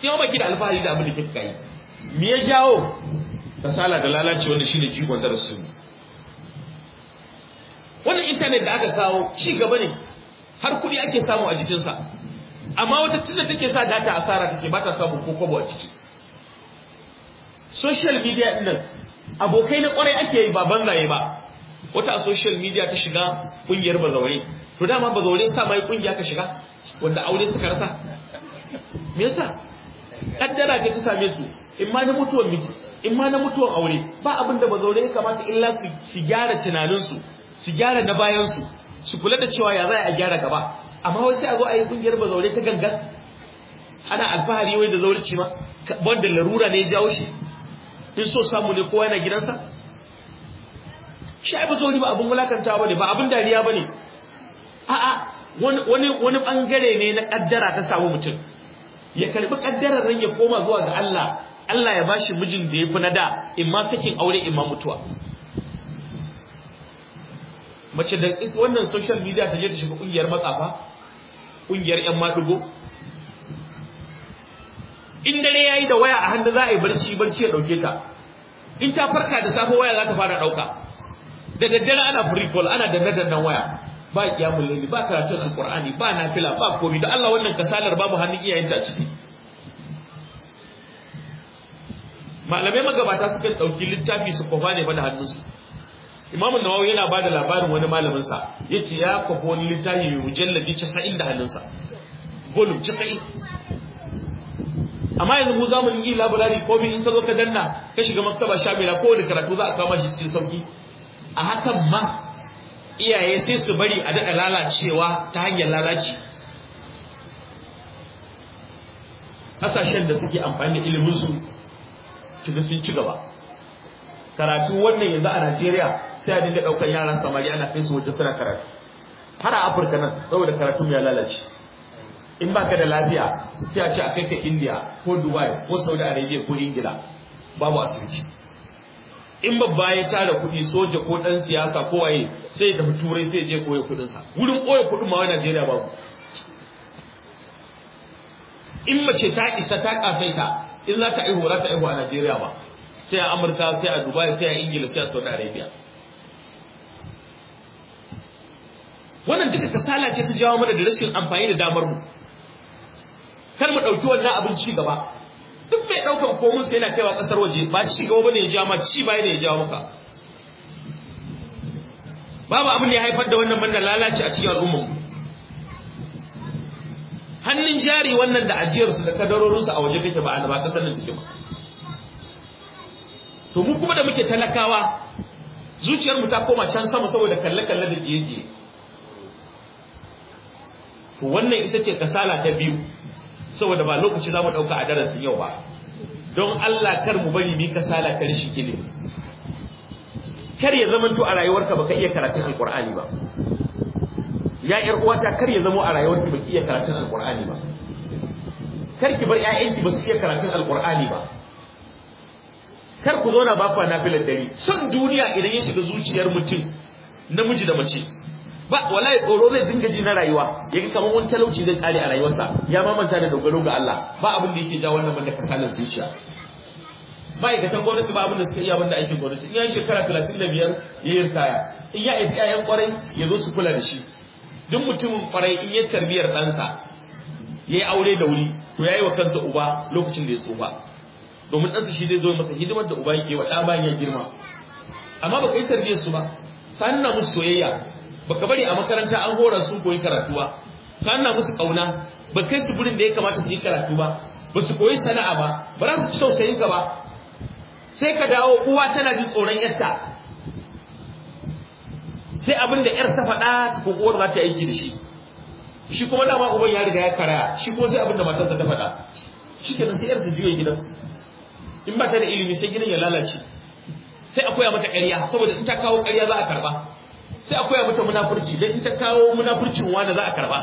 Speaker 1: yau ba da alfahari da abin da kika yi me ya jawo kasala da lalaci wanda shine jigon darasi wannan internet da aka kawo ci gaba ne har kuɗi ake samu a jikin sa amma wata tunda take sa data asara take ba ta samu ko kwabo a ciki social media din nan abokai na kwarai ake yi ba banzaye ba wata a social media ta shiga kungiyar bazawai to dama ba zaune sa mai kungiya ka shiga wanda aure suka rasa me yasa kaddara ce ta same su in ma na mutuwar miji in ma na mutuwar aure ba abin da ba zaune ya kamata illa su su gyara tunaninsu su gyara na bayansu su kula da cewa ya za a gyara gaba amma wai a zo a yi kungiyar ba zaune ta gangan ana alfahari wai da zaurci ma wanda larura ne ya jawo shi in so samu ne kowa yana gidansa shi ai ba zauri ba abin wulakantawa ne, ba abin dariya ba ne. a'a wani wani bangare ne na kaddara ta samu mutum ya karbi kaddarar ran ya koma zuwa ga Allah Allah ya bashi mijin da yafi na da ma sakin aure in ma mutuwa mace da wannan social media ta je ta shiga kungiyar matsafa kungiyar yan madugo in dare yayi da waya a hannu za a yi barci barci ya dauke ta in ta farka da safe waya za ta fara dauka da daddare ana free call ana danne dannan waya ba qiyamul layli ba karatun alqur'ani ba nafila ba komai don Allah wannan kasalar babu hannun iyayenta a ciki malamai magabata suka dauki littafi su kofa ne da hannunsu imamu Nawawi yana ba da labarin wani malamin sa yace ya kofa wani littafi mai mujalladi 90 da hannunsa volume 90 amma yanzu mu zamu yi labirari ko in ka zo ka danna ka shiga maktaba shabila ko da karatu za a kama shi cikin sauki a hakan ma iyaye sai su bari a daɗa lalacewa ta hanyar lalaci ƙasashen da suke amfani da iliminsu tuga sun ci gaba karatu wannan yanzu a najeriya sai a dinga ɗaukar yaran samari ana kai su wajen suna karatu har a afirka nan saboda karatu ya lalace in baka da lafiya sai a ce a kai ka india ko dubai ko saudi arabia ko ingila babu asibiti in babba ya tara kuɗi soja ko ɗan siyasa ko waye sai da tafi turai sai ya je koya kudinsa wurin koya kudin ma wani najeriya babu in mace ta isa ta kasaita in za ta aihu za ta aihu a najeriya ba sai a amurka sai a dubai sai a ingila sai a saudi arabia wannan duka kasala ce ta jawo mana da rashin amfani da damar mu kar mu ɗauki wannan abin ci gaba duk mai ɗaukan komun sai yana kaiwa ƙasar waje ba ci gaba bane ya jawo ci baya ne ya jawo maka babu abin da ya haifar da wannan banda lalaci a cikin al'umma hannun jari wannan da ajiyarsu da kadarorinsu a waje take ba ba kasar nan take ba to mu kuma da muke talakawa zuciyar mu ta koma can sama saboda kalle-kalle da jiye to wannan ita ce kasala ta biyu saboda ba lokaci za mu ɗauka a darasin yau ba don Allah kar mu bari mu kasala ta shi ilimi kar ya zamanto a rayuwarka baka iya karatun alqur'ani ba ya yar uwata kar ya zamo a rayuwarki baki iya karatun alqur'ani ba kar ki bar ƴaƴanki ba su iya karatun alqur'ani ba kar ku zauna ba fa nafilan dare son duniya idan ya shiga zuciyar mutum namiji da mace ba wallahi tsoro zai dinga ji na rayuwa ya yaga kamar wani talauci zai kare a rayuwarsa ya mamanta da dogaro ga Allah ba abin da yake ja wannan banda kasalar zuciya ma'aikatan gwamnati ba abinda da suka iya banda aikin gwamnati in yayin shekara biyar, ya yi ritaya in ya aiki yayan kwarai ya zo su kula da shi duk mutumin kwarai in ya tarbiyar ɗansa ya yi aure da wuri to ya yi wa kansa uba lokacin da ya tsufa domin ɗansa shi zai zo masa hidimar da uba yake wa ɗa bayan ya girma amma baka yi tarbiyar su ba ka nuna musu soyayya baka bari a makaranta an hora sun koyi karatu ba ka nuna musu ƙauna ba kai su gurin da ya kamata su yi karatu ba ba su koyi sana'a ba ba za su ci tausayin ka ba sai ka dawo uwa tana ji tsoron yarta sai abin da yar ta faɗa ko uwar za ta aiki da shi shi kuma dama uban ya riga ya karaya shi kuma sai abin da matarsa ta faɗa shi kenan sai yar ta juya gidan in ba ta da ilimi sai gidan ya lalace sai a koya mata ƙarya saboda in ta kawo ƙarya za a karɓa sai a koya mata munafurci dan in ta kawo munafurcin wani za a karɓa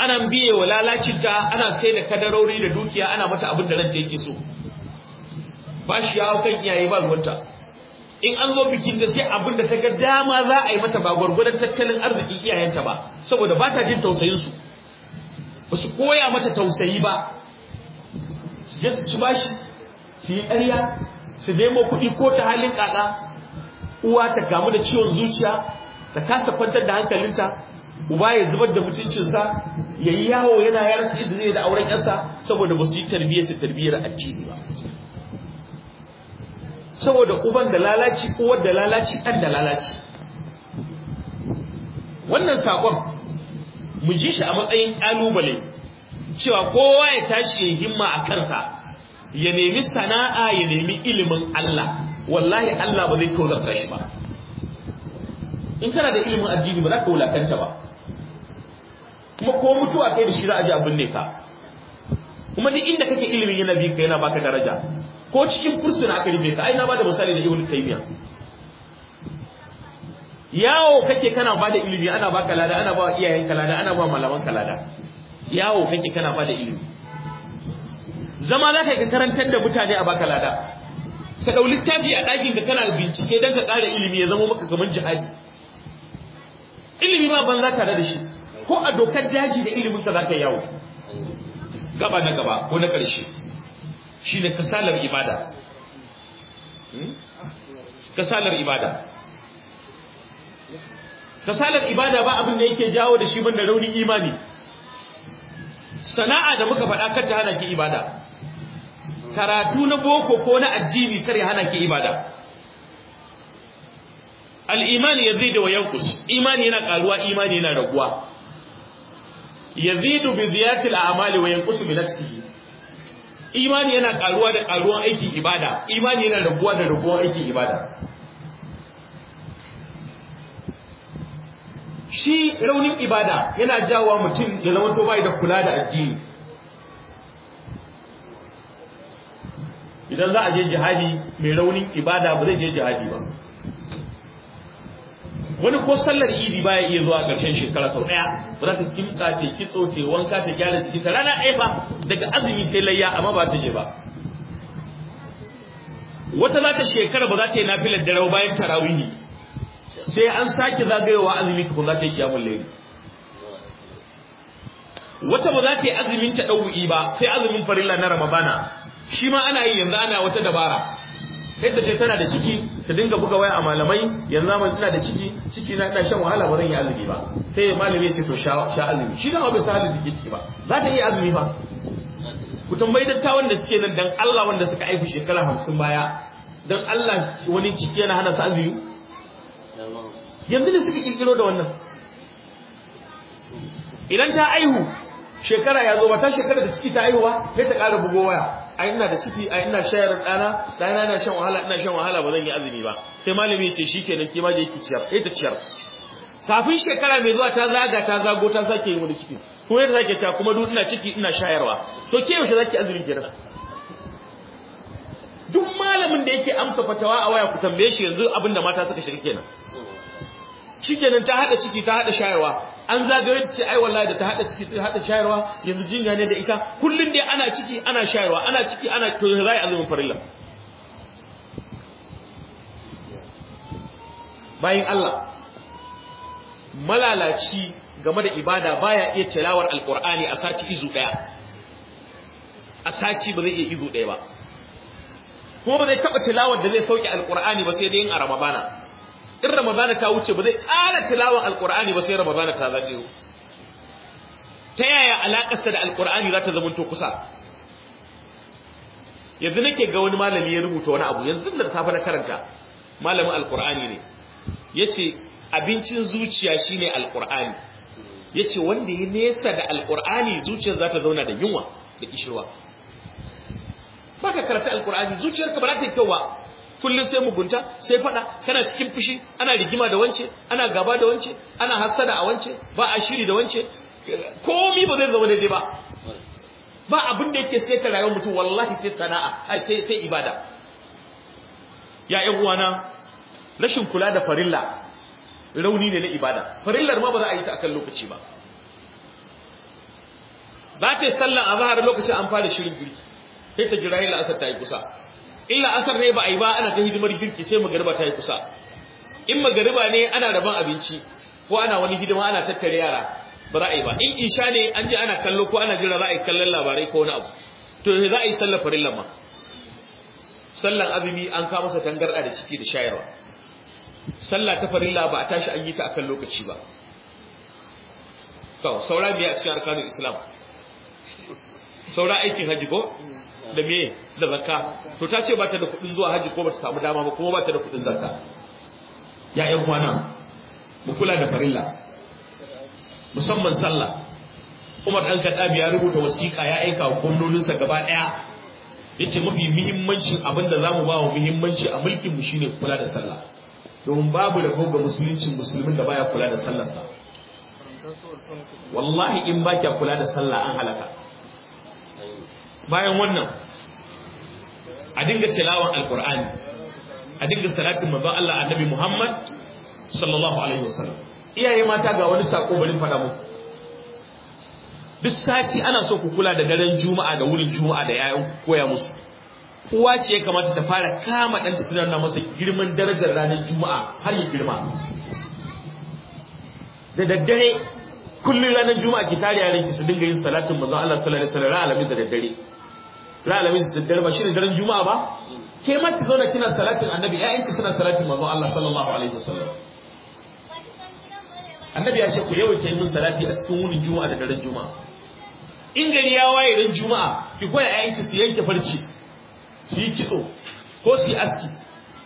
Speaker 1: ana biye wa lalacinta ana sai da kadarori da dukiya ana mata abin da ranta yake so ba shi ya kan iyaye ba ruwanta in an zo bikin da sai abin da ta ga dama za a yi mata ba gwargwadon tattalin arzikin iyayenta ba saboda ba ta jin tausayin su ba su koya mata tausayi ba su je su ci bashi su yi ƙarya su nemo kuɗi ko ta halin ƙaƙa uwa ta kamu da ciwon zuciya ta kasa kwantar da hankalinta uba ya zubar da mutuncinsa ya yi yawo yana yarsa da zai da auren yasa saboda ba su yi tarbiyyar ta tarbiyyar addini ba saboda uban da lalaci uwar da lalaci ɗan da lalaci wannan sakon mu ji shi a matsayin ƙalubale cewa kowa ya tashi ya himma a kansa ya nemi sana'a ya nemi ilimin Allah wallahi Allah ba zai tozarta shi ba in kana da ilimin addini ba za ka wulakanta ba kuma ko mutuwa kai da shi za a ji abin ne ka kuma duk inda kake ilimin yana bi ka yana baka daraja ko cikin fursuna aka rufe ka ai na bada misali da ibnu taymiya yawo kake kana bada ilimi ana baka lada ana ba iyayenka lada ana ba malaman lada yawo kake kana bada ilimi zama za ka yi karantar da mutane a baka lada ka ɗau littafi a ɗakin ka kana bincike don ka ƙara ilimi ya zama maka kamar jihadi ilimi ba ban za ka da shi ko a dokar daji da ilimin ka za ka yawo gaba na gaba ko na ƙarshe ne kasalar ibada hmm? kasalar ibada kasalar ibada ba abin da yake jawo da shi da raunin imani sana'a da muka faɗa kar ta hana ki ibada karatu na boko ko na addini kar ya hana ki ibada al-iman da wa yanqus imani yana karuwa imani yana raguwa yazidu bi ziyartar a amali wa kusu bi nafsihi imani yana karuwa da karuwan aikin ibada imani yana raguwa da raguwan aikin ibada shi raunin ibada yana jawa mutum ya zama to bai da kula da addini idan za a je jihadi mai raunin ibada ba zai je jihadi ba wani ko sallar idi baya iya zuwa ƙarshen shekara sau ɗaya ba za ta kimsa ta kitso ta wanka ta gyara jikinta rana ɗaya ba daga azumi sai layya amma ba ta je ba wata za ta shekara ba za ta yi nafilar dare bayan tarawihi sai an sake zagayowa azumi tukun za ta yi kiyamun layi wata ba za ta yi azumin ta ɗau'i ba sai azumin farilla na ramadana shi ma ana yi yanzu ana wata dabara sai ta ce tana da ciki ta dinga buga waya a malamai yanzu zaman tana da ciki ciki na ina shan wahala ba zan yi azumi ba sai malami ya ce to sha azumi shi dama bai sa halin da ciki ba za ta iya azumi ba ku tambayi dattawan da suke nan dan Allah wanda suka aiki shekara hamsin baya dan Allah wani ciki yana hana su azumi yanzu ne suka kirkiro da wannan idan ta aihu shekara ya zo ba ta shekara da ciki ta aihuwa sai ta ƙara bugo waya ai ina da ciki ai ina shayar da dana dana yana shan wahala ina shan wahala ba zan yi azumi ba sai malami ya ce shikenan ke ma je ki ciyar eh ta ciyar kafin shekara mai zuwa ta zaga ta zago ta sake yin wani ciki ko yadda zake ciya kuma duk ina ciki ina shayarwa to ke yaushe zaki azumi kenan duk malamin da yake amsa fatawa a waya ku tambaye shi yanzu abinda mata suka shiga kenan shikenan ta hada ciki ta hada shayarwa an zagaye ta ce ai wallahi da ta hada ciki ta hada shayarwa yanzu jinya ne da ita kullun dai ana ciki ana shayarwa ana ciki ana to zai azumin farilla bayin Allah malalaci game da ibada baya iya tilawar alqur'ani a sati izu daya a sati ba zai iya izu daya ba kuma ba zai taba tilawar da zai sauke alqur'ani ba sai dai in araba bana in ramadana ta wuce ba zai ƙara tilawan alkur'ani ba sai ramadana ta zagayo ta yaya alaƙarsa da alkur'ani za ta to kusa yanzu nake ga wani malami ya rubuta wani abu yanzu da safe na karanta malamin alkur'ani ne yace abincin zuciya shine alkur'ani yace wanda ya nesa da alkur'ani zuciyar za ta zauna da yunwa da kishirwa baka karanta alkur'ani zuciyarka ba za ta yi kyau ba Kullum sai mugunta sai fada kana cikin fushi ana rigima da wance ana gaba da wance ana hasada a wance ba a shiri da wance komai ba zai zama daidai ba ba abin da yake sai ka rayuwar mutum wallahi sai sana'a ai sai sai ibada ya uwana rashin kula da farilla rauni ne na ibada farillar ma ba za a yi ta akan lokaci ba ba ta yi sallan zahar lokacin an fara shirin guri sai ta jira la'asar asar ta yi kusa illa asar ne ba a yi ba ana ta hidimar girki sai magariba ta yi kusa in magariba ne ana rabon abinci ko ana wani hidima ana tattare yara ba za a yi ba in isha ne an ji ana kallo ko ana jira za a yi kallon labarai ko wani abu to za a yi sallar farillan ma sallan azumi an kawo masa tangarda da ciki da shayarwa sallah ta farilla ba a tashi an yi ta a kan lokaci ba to saura biya a cikin arkanin islam saura aikin hajji ko da me da zakka to ta ce ba ta da kuɗin zuwa haji ko ba ta samu dama ba kuma ba ta da kuɗin zakka ya ƴan kwana mu kula da farilla musamman sallah Umar dan Kadabi ya rubuta wasiƙa ya aika wa gwamnoninsa gaba ɗaya yace mafi muhimmancin abin da zamu ba wa muhimmanci a mulkin mu shine kula da sallah domin babu da ga musulunci musulmin da baya kula da sallarsa wallahi in ba kula da sallah an halaka bayan wannan a dinga tilawan alkur'ani a dinga salatin manzon Allah annabi Muhammad sallallahu alaihi wasallam iyaye mata ga wani sako bari fada muku duk sati ana so ku kula da daren juma'a da wurin juma'a da yayan koya musu uwa ce ya kamata ta fara kama dan ta tunana masa girman darajar ranar juma'a har ya girma da daddare kullum ranar juma'a ki tare yaran ki su dinga yin salatin manzon Allah sallallahu alaihi wasallam alamin da daddare ranar su daddare ba shine daren juma'a ba ke ma ki zauna kina salatin annabi ya ki suna salatin manzo Allah sallallahu alaihi wasallam annabi ya ce ku yawaita ke yin salati a cikin wunin juma'a da daren juma'a in gari ya waye ran juma'a ki koya ƴaƴan ki su yanke farce su yi kitso ko su yi aski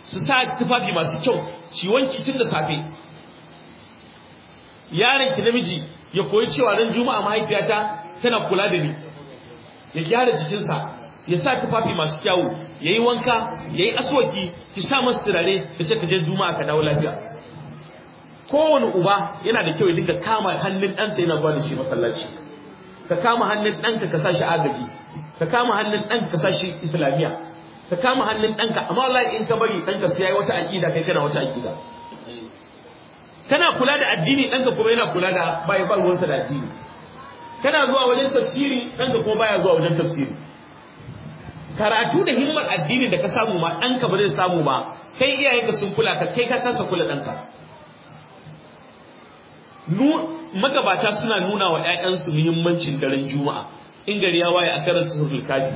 Speaker 1: su sa tufafi masu kyau su wanki tun da safe yaron ki namiji ya koyi cewa ran juma'a mahaifiyata tana kula da ni ya gyara jikinsa ya sa tufafi masu kyawu ya yi wanka ya yi aswaki ki sa masu turare da ce ka je juma'a ka dawo lafiya kowane uba yana da kyau ya kama hannun ɗansa yana zuwa da shi masallaci ka kama hannun ɗanka ka sa shi agaji ka kama hannun ɗanka ka sa shi islamiyya ka kama hannun ɗanka amma wallahi in ka bari ɗanka su yayi wata aƙida kai kana wata aƙida kana kula da addini ɗanka kuma yana kula da bai ba da addini kana zuwa wajen tafsiri ɗanka kuma baya zuwa wajen tafsiri karatu da himmar addini da ka samu ma ɗanka ba zai samu ba kai iyayenka sun kula ka kai ka kansa kula ɗanka magabata suna nuna wa ‘ya'yansu muhimmancin daren juma'a in gari ya waye a karanta suratul kafi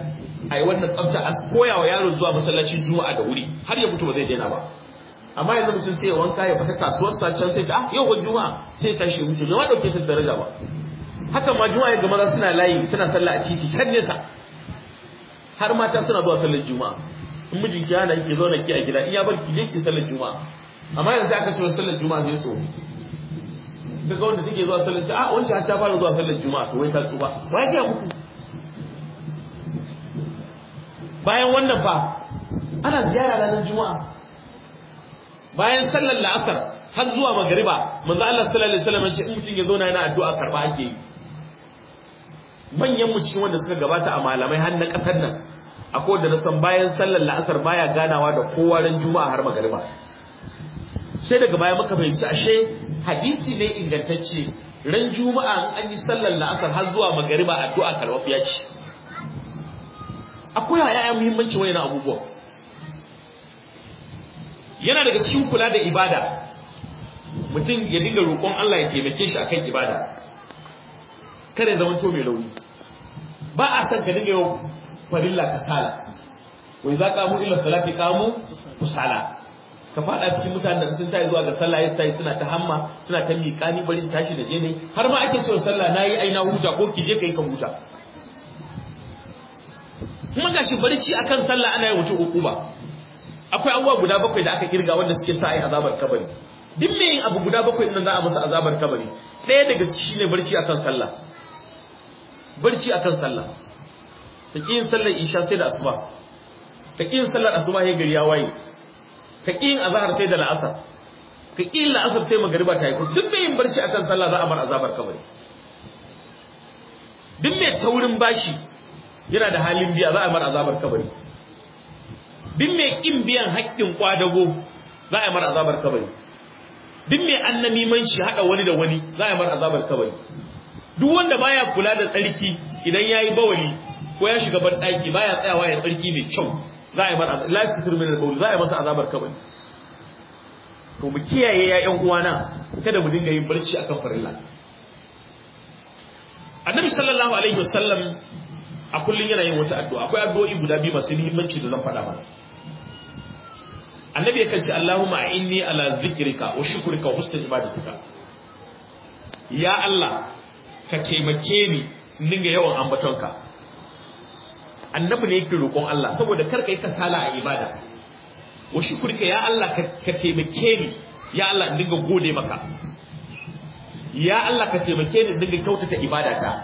Speaker 1: a yi wannan tsafta a koya wa yaro zuwa masallacin juma'a da wuri har ya fito ba zai daina ba amma yanzu mutum sai ya wanka ya fita kasuwar sa can sai ta ah yau juma'a sai ya tashi wuce. ya ma dauke ta daraja ba haka ma juma'a ga maza suna layi suna sallah a titi can nesa har mata suna zuwa sallar juma'a in mijin ki hana ki zauna ki a gida iya bar ki je ki sallar juma'a amma yanzu aka ce sallar juma'a sai tsoro daga wanda take zuwa sallar juma'a a ah, wancan har ta fara zuwa sallar juma'a to wai ta tsuba ya ga muku bayan wannan fa ana ziyara ranar juma'a bayan sallar la'asar har zuwa magariba manzo Allah sallallahu alaihi wasallam ya ce in mutum ya zauna yana addu'a karba ake yi manyan mu cikin wanda suka gabata a malamai har na kasar nan akwai wanda na san bayan sallar la'asar baya ganawa da kowa ran juma'a har magariba sai daga baya muka fahimci ashe hadisi ne ingantacce ran juma'a an yi sallar la'asar har zuwa magariba addu'a karwafiya ce akwai ya muhimmanci wani abubuwa yana daga cikin kula da ibada mutum ya dinga roƙon Allah ya taimake shi akan ibada kada ya zama to mai rauni ba a san ka dinga yau farilla kasala wai za ka mu illa salati kamu kusala ka fada cikin mutanen da sun tayi zuwa ga sallah sai suna ta hamma suna ta miƙani barin tashi da je ne har ma ake cewa sallah nayi aina huta ko ki je kai ka huta kuma gashi barci akan sallah ana yi wuce hukuma akwai abubuwa guda bakwai da aka kirga wanda suke sa ai azabar kabari duk me abu guda bakwai nan za a masa azabar kabari ɗaya daga ciki shine barci akan sallah barci akan sallah ta yin sallar isha sai da asuba ta yin sallar asuba ya gari ya waye ka ƙin azahar sai da la'asar ka yin la'asar sai magariba ta yi duk mai yin barci akan sallah za a bar azabar kabari duk mai taurin bashi yana da halin biya za a bar azabar kabari duk mai ƙin biyan haƙƙin ƙwadago za a bar azabar kabari duk mai annamimanci haɗa wani da wani za a bar azabar kabari duk wanda baya kula da tsarki idan yayi bawali ko ya shiga ban daki baya tsayawa ya tsarki mai kyau za a yi masa la yastir min al-bawl za a yi masa azabar kabari to mu kiyaye ya ƴan uwana kada mu dinga yin barci akan farilla annabi sallallahu alaihi wasallam a kullun yana yin wata addu'a akwai addu'o'i guda biyu masu muhimmanci da zan faɗa mana annabi ya ce Allahumma inni ala zikrika wa shukrika wa husni ibadatika ya Allah ka taimake ni ninga yawan ambatonka annabi ne yake roƙon Allah saboda kar kai kasala a ibada wa shukurka ya Allah ka taimake ni ya Allah in dinga gode maka ya Allah ka taimake ni in dinga kyautata ibadata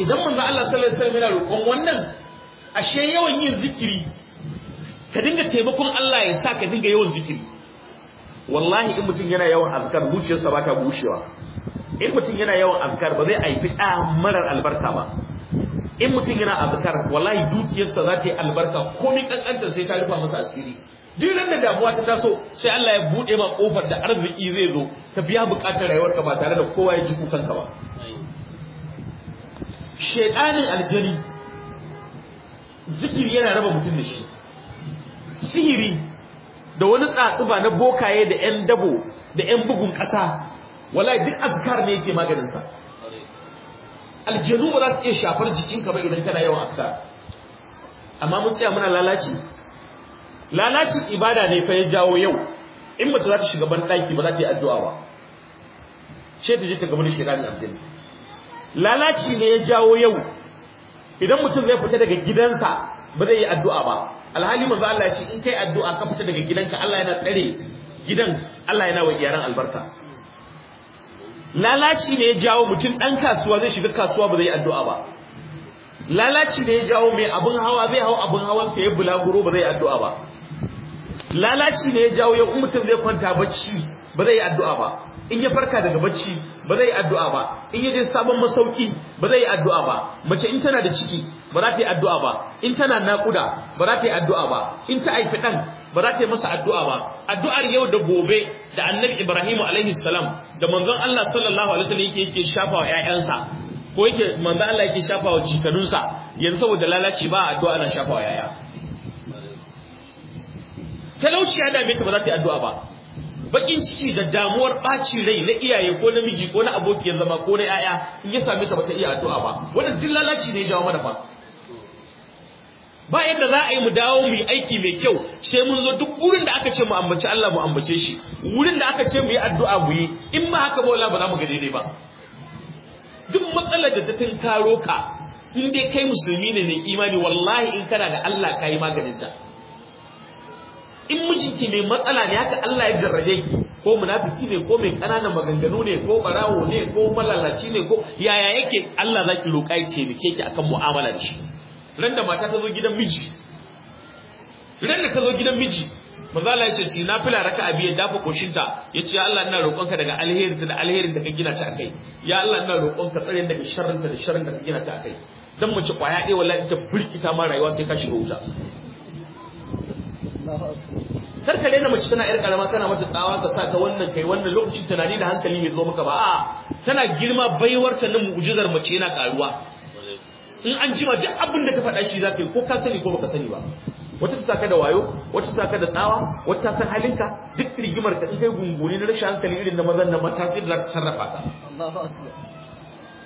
Speaker 1: idan manzo Allah sallallahu alaihi wasallam yana roƙon wannan ashe yawan yin zikiri ka dinga taimakon Allah ya sa ka dinga yawan zikiri wallahi in mutum yana yawan azkar zuciyarsa ba ta bushewa in mutum yana yawan azkar ba zai haifi da marar albarka ba in mutum yana azkar wallahi dukiyarsa za ta yi albarka komai kankanta sai ta rufa masa asiri duk da damuwa ta taso sai Allah ya buɗe ma kofar da arziki zai zo ta biya rayuwar rayuwarka ba tare da kowa ya ji ka ba shedanin aljani zikiri yana raba mutum da shi sihiri da wani tsatsuba na bokaye da 'yan dabo da 'yan bugun ƙasa wallahi duk azkar ne yake maganin sa aljanu ba za su iya shafar jikinka ba idan kana yawan azkar amma mun tsaya muna lalaci lalacin ibada ne fa ya jawo yau in mace za ta shiga ban daki ba za ta yi addu'a ba ce ta je ta gaba da shirani abdin lalaci ne ya jawo yau idan mutum zai fita daga gidansa ba zai yi addu'a ba alhali manzo Allah ya ce in kai addu'a ka fita daga gidanka Allah yana tsare gidan Allah yana wa iyaran albarka lalaci ne ya jawo mutum ɗan kasuwa zai shiga kasuwa ba zai addu'a ba lalaci ne ya jawo mai abin hawa zai hau abin hawan sa ya bulaguro ba zai addu'a ba lalaci ne ya jawo ya mutum zai kwanta bacci ba zai addu'a ba in ya farka daga bacci ba zai addu'a ba in ya je sabon masauki ba zai addu'a ba mace in tana da ciki ba za ta yi addu'a ba in tana naƙuda ba za ta yi addu'a ba in ta haifi ɗan ba za ta yi masa addu'a ba addu'ar yau da gobe da annabi Ibrahim alaihi salam da manzon Allah sallallahu alaihi wasallam yake yake shafa wa ƴaƴansa ko yake manzon Allah yake shafa wa cikadunsa yanzu saboda lalaci ba addu'a ana shafa wa yaya talauci ya dame ta ba za ta yi addu'a ba bakin ciki da damuwar ɓaci rai na iyaye ko namiji ko na abokiyar zama ko na ƴaƴa in ya same ta ba ta iya addu'a ba wannan duk lalaci ne ya jawo mana fa ba yadda za a yi mu dawo mu yi aiki mai kyau sai mun zo duk wurin da aka ce mu ambaci Allah mu ambace shi wurin da aka ce mu yi addu'a mu yi in ba haka ba wala ba za mu ga daidai ba duk matsalar da ta tunkaro ka in dai kai musulmi ne ne imani wallahi in kana da Allah ka yi maganin ta in mijinki mai matsala ne haka Allah ya jarrabe ki ko munafiki ne ko mai ƙananan maganganu ne ko barawo ne ko malalaci ne ko yaya yake Allah zaki roƙa ya ce ni ki akan mu'amala da shi ran da mata ta zo gidan miji ran da ta zo gidan miji manzo Allah ya ce shi na fila raka abiya dafa koshinta ya ce ya Allah ina roƙonka daga alherin ta da alherin da ka gina ta akai ya Allah ina roƙonka tsare daga sharrin ta da sharrin da ka gina ta akai dan mace kwaya ɗaya wallahi ta burkita ma rayuwa sai ka shiga wuta kar ka daina mace tana yar karama kana mata tsawa ka sa ta wannan kai wannan lokacin tunani da hankali mai zo maka ba a'a tana girma baiwarta nan mu'jizar mace yana karuwa in an jima duk abin da ka faɗa shi za ka yi ko ka sani ko baka sani ba wata ta saka da wayo wata ta saka da tsawa wata ta san halinka duk rigimar ka kai na rashin hankali irin na mazan na mata sai da ta sarrafa ka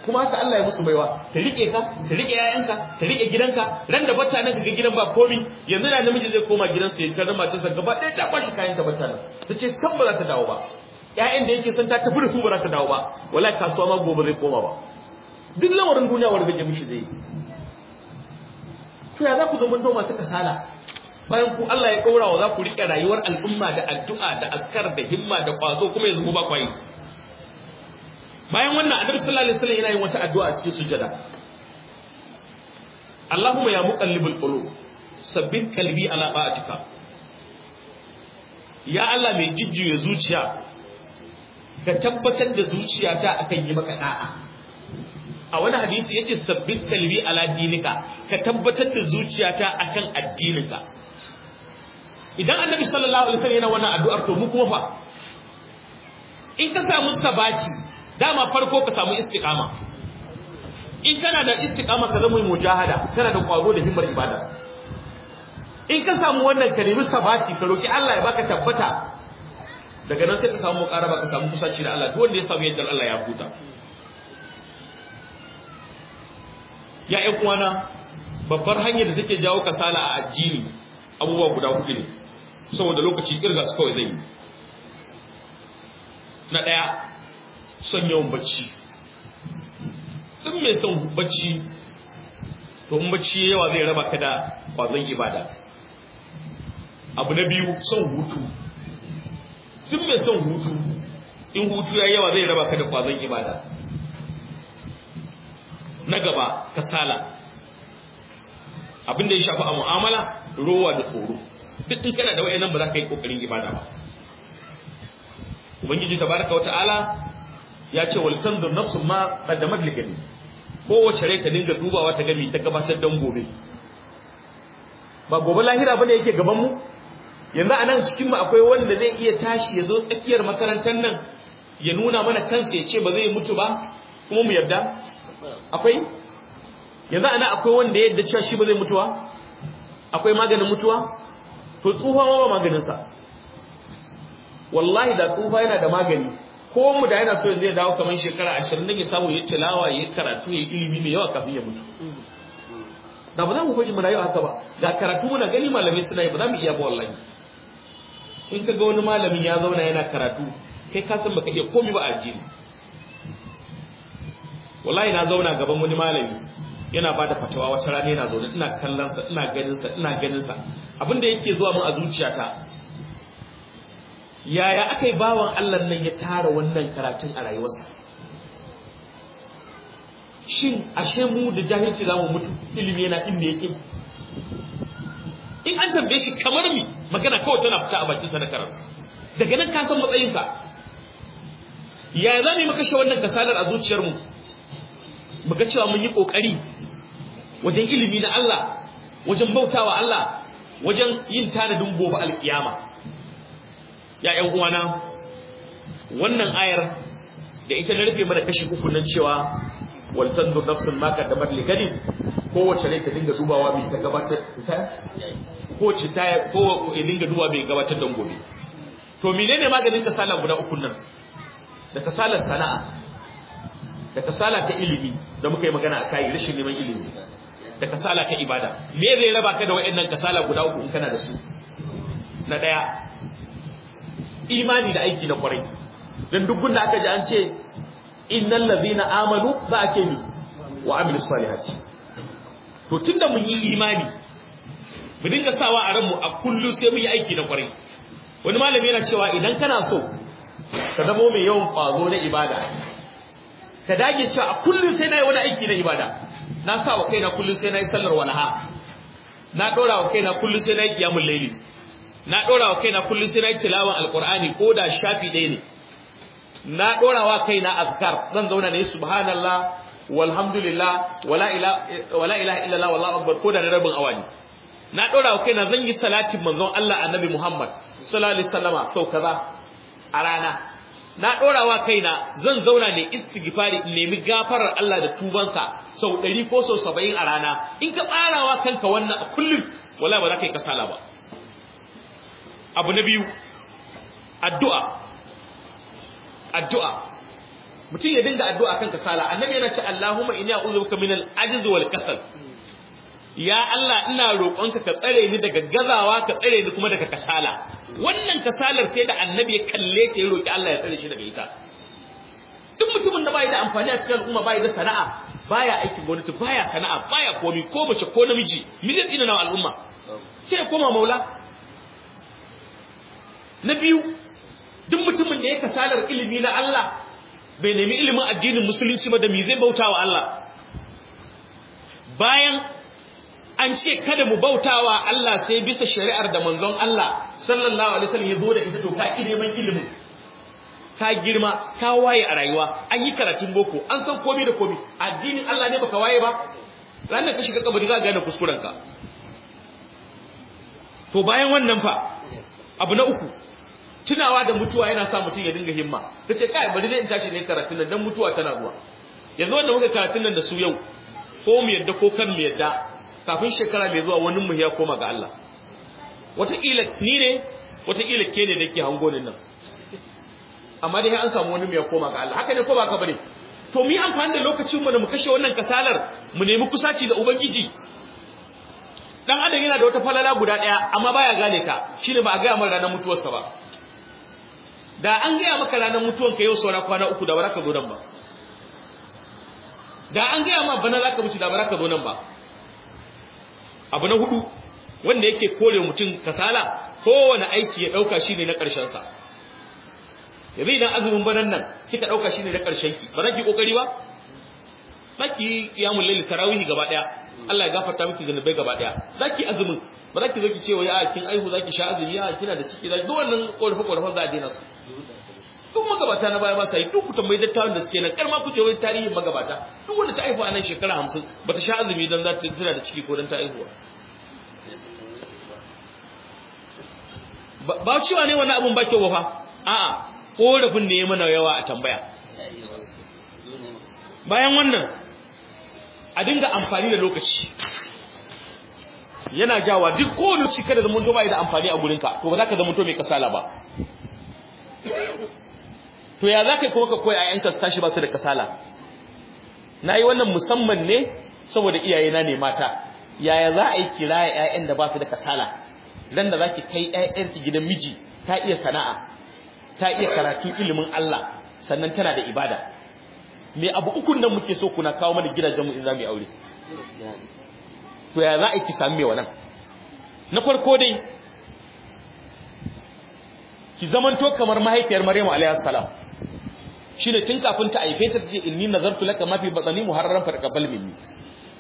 Speaker 1: kuma haka Allah ya musu baiwa ta rike ka ta rike yayanka ta rike gidanka ran da bata nan kaga gidan ba komi yanzu da namiji zai koma gidansa ya tarra matarsa gaba ɗaya ta kwashi kayan ta bata nan tace san ba za ta dawo ba ƴaƴan da yake san ta tafi da su ba za ta dawo ba wallahi kasuwa ma gobe zai koma ba duk lawarin duniya wani bige mishi zai to ya za ku zama to masu kasala bayan ku Allah ya ɗora wa za ku riƙe rayuwar al'umma da addu'a da askar da himma da kwazo kuma yanzu ba kwai bayan wannan annabi sallallahu alaihi wasallam yana yin wata addu'a a cikin sujada Allahumma ya muqallibul qulub sabbin qalbi ala ba'atika ya Allah mai jijjiye zuciya ka tabbatar da zuciyata akan yi maka da'a a wani hadisi yace sabbin kalbi ala dinika ka tabbatar da zuciyata akan addininka idan annabi sallallahu alaihi wasallam yana wannan addu'ar to mu kuma fa in ka samu sabati dama farko ka samu istiqama in kana da istiqama ka zama mujahada kana da kwazo da himmar ibada in ka samu wannan ka nemi sabati ka roki Allah ya baka tabbata daga nan sai ka samu karaba ka samu kusaci da Allah to wanda ya samu yadda Allah ya huta ya kuma uwana babbar hanyar da take jawo kasala a addini abubuwa guda hudu ne saboda lokaci kirga su kawai zai yi na ɗaya son yawan bacci duk mai son bacci to domin bacci yawa zai raba ka da kwazon ibada abu na biyu son hutu duk mai son hutu in hutu ya yawa zai raba ka da kwazon ibada na gaba kasala abinda ya shafi a mu'amala ruwa da tsoro duk in kana da nan ba za ka yi kokarin ibada ba ubangiji tabaraka wa ta'ala ya ce wal tanzur nafsun ma qaddamat li kowace rai ta dinga dubawa ta gami ta gabatar dan gobe ba gobe lahira bane yake gaban mu yanzu a nan cikin mu akwai wanda zai iya tashi ya zo tsakiyar makarantar nan ya nuna mana kansa ya ce ba zai mutu ba kuma mu yarda akwai yanzu ana akwai wanda yadda cewa shi ba zai mutuwa akwai maganin mutuwa to tsufa ma ba maganinsa wallahi da tsufa yana da magani ko mu da yana so ya dawo kamar shekara ashirin nan ya samu ya tilawa ya karatu ya ilimi mai yawa kafin ya mutu da ba za mu kwaji muna yau haka ba ga karatu muna gani malamai suna yi ba za mu iya ba wallahi in ka ga wani malamin ya zauna yana karatu kai ka san baka iya komi ba a addini wallahi na zauna gaban wani malami yana bada fatawa wata rana yana zaune ina kallon sa ina ganin sa ina ganin sa abin da yake zuwa mun a zuciyata yaya akai bawan Allah nan ya tara wannan karatun a rayuwarsa shin ashe mu da jahilci zamu mutu ilimi yana inda yake in an tambaye shi kamar mi magana kawai tana fita a bakin sa na karatu daga nan ka san matsayinka yaya za mu yi maka wannan kasalar a zuciyarmu mu ga cewa mun yi kokari wajen ilimi na Allah wajen bautawa Allah wajen yin tanadin gobe alkiyama ya ƴan uwana wannan ayar da ita na rufe mana kashi uku nan cewa wal tanzur nafsun ma qaddamat li gadi wace ne ta dinga dubawa mai ta gabatar ta ci ta ko dinga duba mai gabatar dan gobe to menene maganin kasala guda uku nan da kasalar sana'a da kasala ta ilimi da muka yi magana a kai rashin neman ilimi da kasala ta ibada me zai raba ka da waɗannan kasala guda uku in kana da su na ɗaya imani da aiki na kwarai don duk gunda aka ji an ce innal ladhina amanu ba a ce ni wa amilus salihati to tunda mun yi imani mu dinga sawa a ranmu a kullu sai mun yi aiki na kwarai wani malami yana cewa idan kana so ka zamo mai yawan kwazo na ibada ka dage cewa a kullum sai na wani aiki na ibada na sa wa kaina kullum sai nayi yi sallar walaha na ɗora wa kaina kullum sai nayi yi ƙiyamun laili na ɗora wa kaina kullum sai nayi yi tilawan alƙur'ani ko da shafi ɗaya ne na ɗora wa kaina azkar zan zauna ne subhanallah walhamdulillah wala ilaha illallah wallahu akbar ko da na rabin awani na ɗora wa kaina zan yi salatin manzon Allah annabi Muhammad sallallahu alaihi wasallama sau kaza a rana na ɗorawa kaina zan zauna ne istighfari nemi gafarar Allah da tubansa sau 100 ko sau 70 a rana in ka tsarawa kanka wannan a kullum wala ba za ka yi kasala ba abu na biyu addu'a addu'a mutum ya dinga addu'a kan kasala annabi yana ce Allahumma inni a'udhu bika min al-ajz wal kasal ya Allah ina roƙonka ka tsare ni daga gazawa ka tsare ni kuma daga kasala wannan kasalar sai da annabi ya kalle ta ya roƙi Allah ya tsare shi daga ita duk mutumin da bai da amfani a cikin al'umma bai da sana'a baya aikin gwamnati baya sana'a baya komi ko mace ko namiji me zai na al'umma sai koma maula na biyu duk mutumin da ya kasalar ilimi na Allah bai nemi ilimin addinin musulunci ba da me zai bauta wa Allah bayan an ce kada mu bautawa Allah sai bisa shari'ar da manzon Allah sallallahu alaihi wasallam ya zo da ita to ka ilimin ilimin ka girma ka waye a rayuwa an yi karatun boko an san komai da komai addinin Allah ne baka waye ba ranar ka shiga kabari za ka gane kuskuren ka to bayan wannan fa abu na uku tunawa da mutuwa yana sa mutum ya dinga himma kace kai bari dai in tashi ne karatun nan dan mutuwa tana zuwa yanzu wanda muka karatun nan da su yau ko mu yadda ko kan mu yadda kafin shekara mai zuwa wani mu ya koma ga Allah wataƙila ni ne wataƙila ke ne da ke hangonin nan amma dai an samu wani mu ya koma ga Allah haka ne ko ba ka bane to mu yi amfani da lokacin mu da mu kashe wannan kasalar mu nemi kusaci da ubangiji dan adam yana da wata falala guda daya amma baya gane ka shine ba a gaya maka ranar mutuwarsa ba da an gaya maka ranar mutuwar ka yau saura kwana uku da baraka zo nan ba da an gaya ma bana zaka mutu da baraka zo nan ba abu na hudu wanda yake kore mutum kasala kowane aiki ya dauka shine na karshen sa yabi idan azumin banan nan kika dauka shine na karshen ki ba ki kokari ba baki mun lalle tarawih gaba daya Allah ya gafarta miki zanubai gaba daya zaki azumin ba zaki zo ki ce wai a kin aihu zaki sha azumi ya kina da ciki zaki duk wannan korafa korafan za a daina su duk magabata na baya ba sai duk tambayi dattawan da suke nan karma ku je wai tarihin magabata duk wanda ta haifa a nan shekara 50 bata sha azumi dan za ta tsira da ciki ko dan ta haihuwa ba cewa ne wannan abun ba kyau ba fa a'a korafin ne mana yawa a tambaya bayan wannan a dinga amfani da lokaci yana jawa duk kowane ci kada zamanto bai da amfani a gurinka to ba za ka zamanto mai kasala ba to ya za ka kuma ka koya ayyanka ta tashi ba su da kasala na yi wannan musamman ne saboda iyaye na ne mata yaya za a yi ya 'ya'yan da ba su da kasala don da za ki kai 'ya'yanki gidan miji ta iya sana'a ta iya karatu ilimin Allah sannan tana da ibada me abu ukun nan muke so kuna kawo mana gidajen mu in za mu yi aure to ya za a yi ki sami nan? na farko dai ki zamanto kamar mahaifiyar Maryamu alaihi salam shine tun kafin ta aife ta tace ilmi nazartu laka ma fi batani muharraran fa taqabbal minni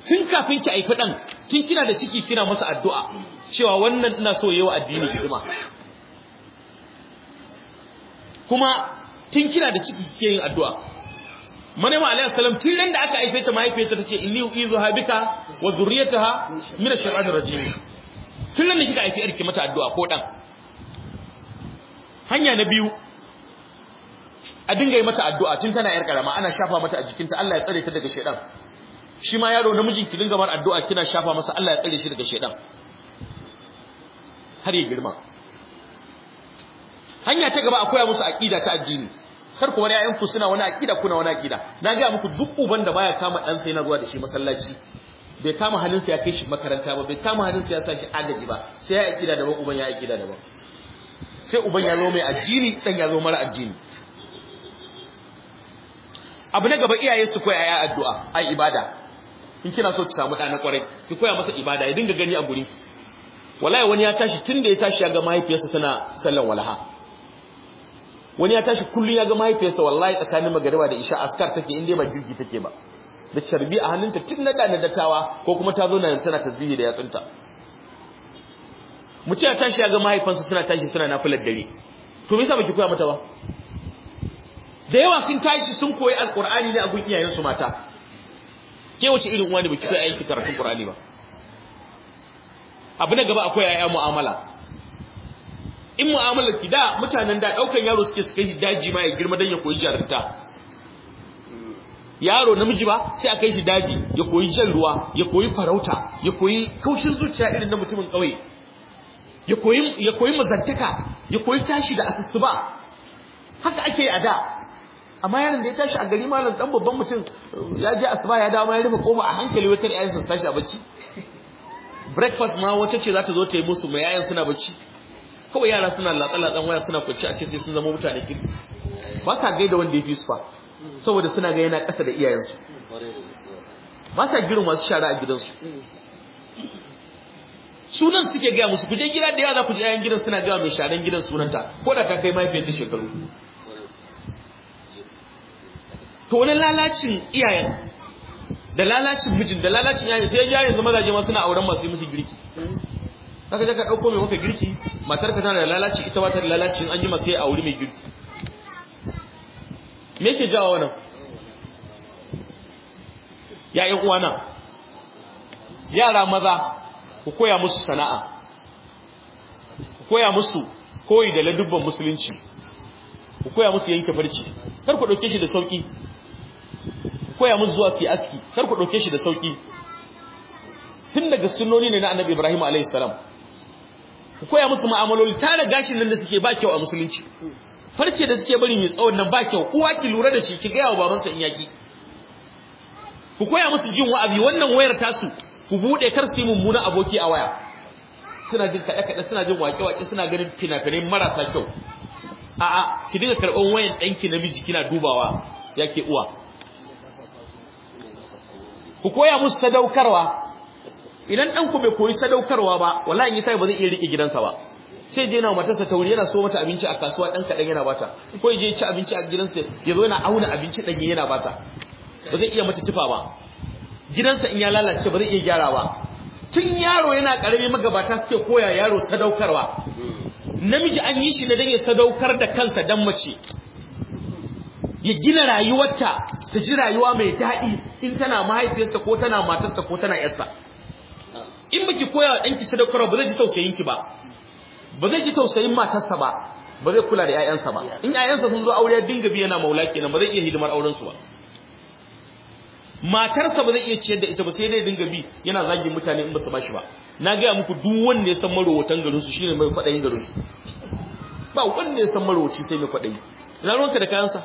Speaker 1: tun kafin ki aife dan tun kina da ciki kina masa addu'a cewa wannan ina so yayi wa addini hidima kuma tun kina da ciki kike yin addu'a manema alayhi salam tun ran da aka aife ta ta tace inni uizu habika wa zurriyataha min ash-shaytanir rajim tun ran da kika aife yarki mata addu'a ko dan hanya na biyu a dinga yi mata addu'a tun tana yar karama ana shafa mata a jikinta Allah ya tsare ta daga shedan shi ma yaro namijin ki dinga mar addu'a kina shafa masa Allah ya tsare shi daga shedan har ya girma hanya ta gaba akwai musu aqida ta addini kar ku bar suna wani aqida kuna wani aqida na gaya muku duk uban da baya kama dan sai na zuwa da shi masallaci bai kama halinsa ya kai shi makaranta ba bai kama halinsa ya sa shi agaji ba sai ya aqida daban uban ya aqida daban sai uban ya zo mai addini dan ya zo mara addini abu na gaba iyaye su koya ya addu'a ai ibada in kina so ki samu ɗa kwarai ki koya masa ibada ya dinga gani a gurin ki wallahi wani ya tashi tunda ya tashi ya ga mahaifiyarsa tana sallan walaha wani ya tashi kullun ya ga mahaifiyarsa wallahi tsakanin magariba da isha askar take inda ba jirgi take ba da charbi a hannunta tun na na dattawa ko kuma ta zo na tana tasbihi da yatsunta mu ce ya tashi ya ga mahaifansa suna tashi suna nafilar dare to me yasa baki koya mata ba da yawa sun tashi sun koyi alkur'ani ne a gun iyayensu mata ke wace irin wani biki sai aiki karatu qur'ani ba abu na gaba akwai ayi mu'amala in mu'amalar ki da mutanen da daukan yaro suke suke yi daji ma ya girma dan ya koyi jarinta yaro namiji ba sai akai shi daji ya koyi jan ruwa ya koyi farauta ya koyi kaushin zuciya irin na mutumin kauye ya koyi ya koyi mazantaka ya koyi tashi da asusuba haka ake yi a da amma yaron da ya tashi a gari malam dan babban mutum ya je asuba ya dawo ma ya rufe kofa a hankali wutar yayin sun tashi a bacci breakfast ma wata ce za ta zo ta yi musu mai yayan suna bacci kawai yara suna latsa-latsan waya suna kwanci a ce sai sun zama mutane kiri ba sa gaida wanda ya fi su fa saboda suna ga yana ƙasa da iyayensu ba sa girin masu shara a gidansu sunan suke gaya musu kuje gida da yawa za 'ya'yan gidan suna gaya mai sharan gidan sunanta ko da ta kai mahaifiyar ta shekaru to wani lalacin iyayen da lalacin mijin da lalacin yayin sai ya yanzu mazaje ma suna auren masu musu girki kaga ka dauko mai maka girki matar ka tana da lalaci ita ba ta da lalaci an yi masa auri mai girki me yake jawo wannan ya ƴan uwana yara maza ku koya musu sana'a ku koya musu koyi da ladubban musulunci ku koya musu yanke barci kar ku dauke shi da sauki koya musu zuwa su yi aski kar ku ɗauke shi da sauƙi tun daga sunnoni ne na annabi ibrahim a.s. ku koya musu ma'amaloli tare gashin nan da suke ba kyau a musulunci farce da suke bari mai tsawon nan ba kyau uwa ki lura da shi ki gaya wa babansa in yaƙi ku koya musu jin wa'azi wannan wayar tasu ku buɗe kar su yi mummunan aboki a waya suna jin kaɗe-kaɗe suna jin waƙe-waƙe suna ganin fina-finai marasa kyau a'a ki dinga karɓar wayan ɗanki namiji kina dubawa yake uwa ku koya musu sadaukarwa idan ɗanku bai koyi sadaukarwa ba wallahi yi tayi ba zai iya rike gidansa ba sai je na matarsa tauri yana so mata abinci a kasuwa ɗan kaɗan yana bata ko je ci abinci a gidansa ya yana auna abinci dan yana bata ba zai iya mata tufa ba gidansa in ya lalace ba zai iya gyara ba tun yaro yana ƙarami magabata suke koya yaro sadaukarwa namiji an yi shi ne dan ya sadaukar da kansa dan mace ya gina rayuwarta ta ji rayuwa mai daɗi in tana mahaifiyarsa ko tana matarsa ko tana yarsa in baki koya wa ɗanki sadaukarwa ba zai ji tausayin ki ba ba zai ji tausayin matarsa ba ba zai kula da ƴaƴansa ba in ƴaƴansa sun zo aure ya dinga biyana maula kenan ba zai iya hidimar auren su ba matarsa ba zai iya ciyar da ita ba sai dai dinga bi yana zagin mutane in ba su bashi ba na gaya muku duk wanda ya san marowatan garin su shine mai faɗayin garin su ba wanda ya san marowaci sai mai kwaɗayi ina ruwanka da kayansa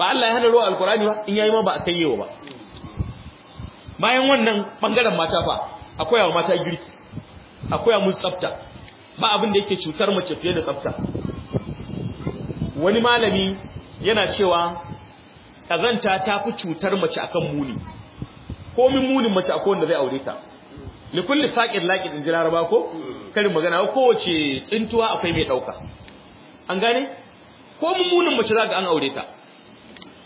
Speaker 1: ba Allah ya hana ruwa alkurani ba in yayi ma ba a kai yawa ba bayan wannan bangaren mata fa akwai wa mata girki akwai mu tsafta ba abin da yake cutar mace fiye da tsafta wani malami yana cewa kazanta ta fi cutar mace akan muni Ko min munin mace akwai wanda zai aure ta li kulli sakin laqin in ji laraba ko karin magana wace tsintuwa akwai mai dauka an gane ko munin mace za an aure ta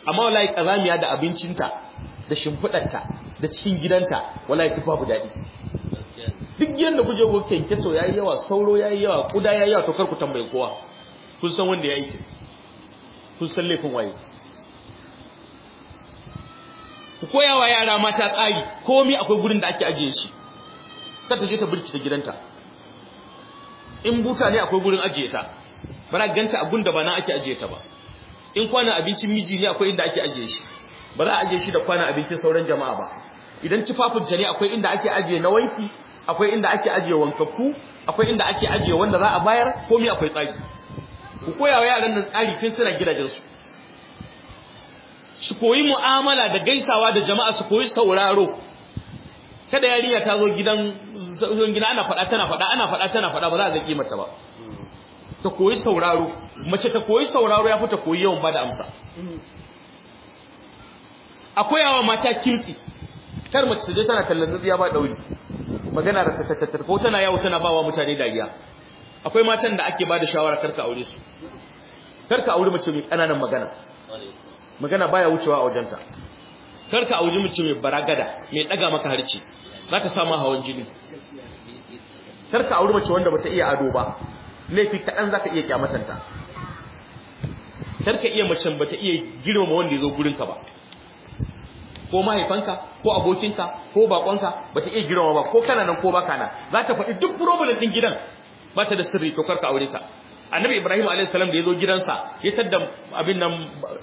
Speaker 1: amma wallahi kazamiya da abincinta da shimfidarta da cikin gidanta wallahi duk babu daɗi duk yanda guje ku keso so yayi yawa sauro yayi yawa kuda yayi yawa to kar ku tambaye kowa kun san wanda ya aiki kun san laifin waye ku koya wa yara mata tsari komai akwai gurin da ake ajiye shi kar ta je ta birki ta gidanta in buta ne akwai gurin ajiye ta bara ganta abun da ba na ake ajiye ta ba in kwana abincin miji ne akwai inda ake ajiye shi ba za a ajiye shi da kwana abincin sauran jama'a ba idan tufafin jani akwai inda ake ajiye na wanki akwai inda ake ajiye wankakku akwai inda ake ajiye wanda za a bayar ko mi akwai tsari ku koya yaran nan tsari tun suna gidajen su koyi mu'amala da gaisawa da jama'a su koyi sauraro kada yarinya ta zo gidan ana faɗa tana faɗa ana faɗa tana faɗa ba za a zaki mata ba ta koyi sauraro mace ta koyi sauraro ya fi ta koyi yawan bada amsa akwai yawa mata kimsi kar mace je tana kallon ya ba dauri magana da tattatattar ko tana yawo tana bawa mutane dariya akwai matan da ake bada shawara karka aure su karka aure mace mai kananan magana magana baya wucewa a wajenta karka aure mace mai baragada mai daga maka harci za ta samu hawan jini karka aure mace wanda bata iya ado ba laifi kaɗan za ka iya kyamatanta karka iya macen ba ta iya girmama wanda ya zo gurinka ba ko mahaifanka ko abokinka ko baƙonka ba ta iya girmama ba ko kana nan ko baka za ta faɗi duk problem ɗin gidan ba ta da sirri to ka aure ta annabi ibrahim alayhi salam da yazo gidansa ya tadda abin nan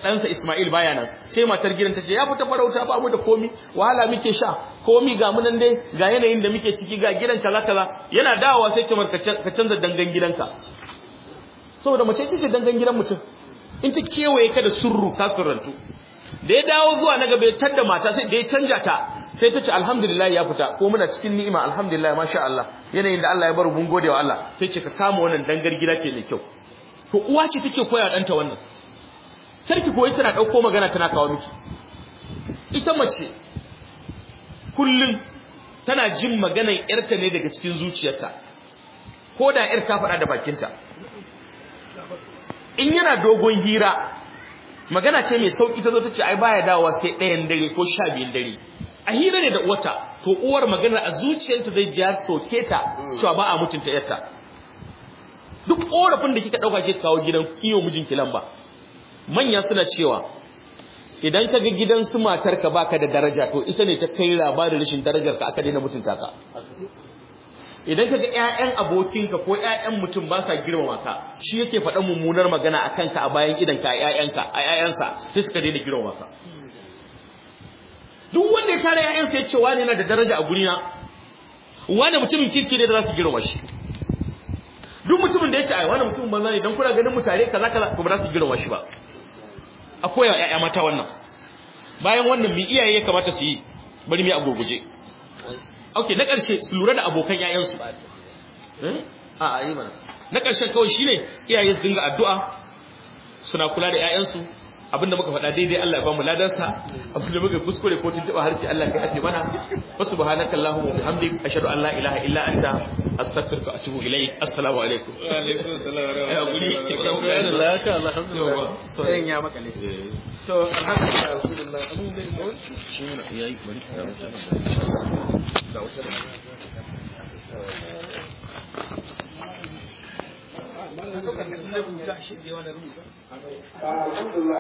Speaker 1: ɗansa isma'il baya nan sai matar gidan ta ce ya fita farauta ba mu da komi wahala muke sha komi ga mu nan dai ga yanayin da muke ciki ga gidan kaza kaza yana dawowa sai ce ka canza dangan gidanka saboda mace ce dangan gidan mutum in ta kewaye ka da surru ka surrantu da ya dawo zuwa na gaba ya tadda mata sai da ya canja ta sai ta ce alhamdulillah ya fita ko muna cikin ni'ima alhamdulillah masha Allah yanayin da Allah ya bar mun gode wa Allah sai ce ka kama wannan dangar gida ce mai kyau to uwa ce take koya danta wannan sarki koyi tana dauko magana tana kawo miki ita mace kullun tana jin maganar yarta ne daga cikin zuciyarta ko da yar ta faɗa da bakinta in yana dogon hira magana ce mai sauki ta zo ta ce ai baya dawowa sai ɗayan dare ko sha biyun dare a hira ne da uwarta to uwar magana a zuciyarta zai ja soke ta mm. cewa ba a mutunta yarta duk korafin da kika dauka ke kawo gidan mijin kilan Manyan manya suna cewa idan ka ga gidan su matar ka baka da daraja to ita ne ta kai labarin rashin darajar ka aka daina mutunta ka idan ka ga ƴaƴan abokinka ko ƴaƴan mutum ba sa girmama ka shi yake faɗan mummunar magana akan ka a bayan gidanka ka ƴaƴanka a ƴaƴansa sai suka daina girmama ka duk wanda ya tare ƴaƴansa ya ce wani yana da daraja a gurina wani mutumin kirki ne da za su girma shi duk mutumin da ya ce ai wani mutumin banza ne don kuna ganin mutane kaza kaza to ba za su girma shi ba a koya ƴaƴa mata wannan bayan wannan mi iyaye ya kamata su yi bari mu a gurguje na ƙarshe su lura da abokan ƴaƴansu hmm? a a yi mana na ƙarshen kawai shine iyaye su dinga addu'a suna kula da ƴaƴansu abinda muka faɗa daidai Allah ya bamu ladansa abinda muka kuskure ko tuntuɓa harci Allah kai ake mana wa subhanaka allahumma wa bihamdik ashhadu an la ilaha illa anta astaghfiruka wa atubu assalamu alaikum wa alaikum assalam ya guri kan Allah sha Allah alhamdulillah so dan ya maka ne eh. to alhamdulillah alhamdulillah abu shi ne yayi bari da wata Alhamdulillah.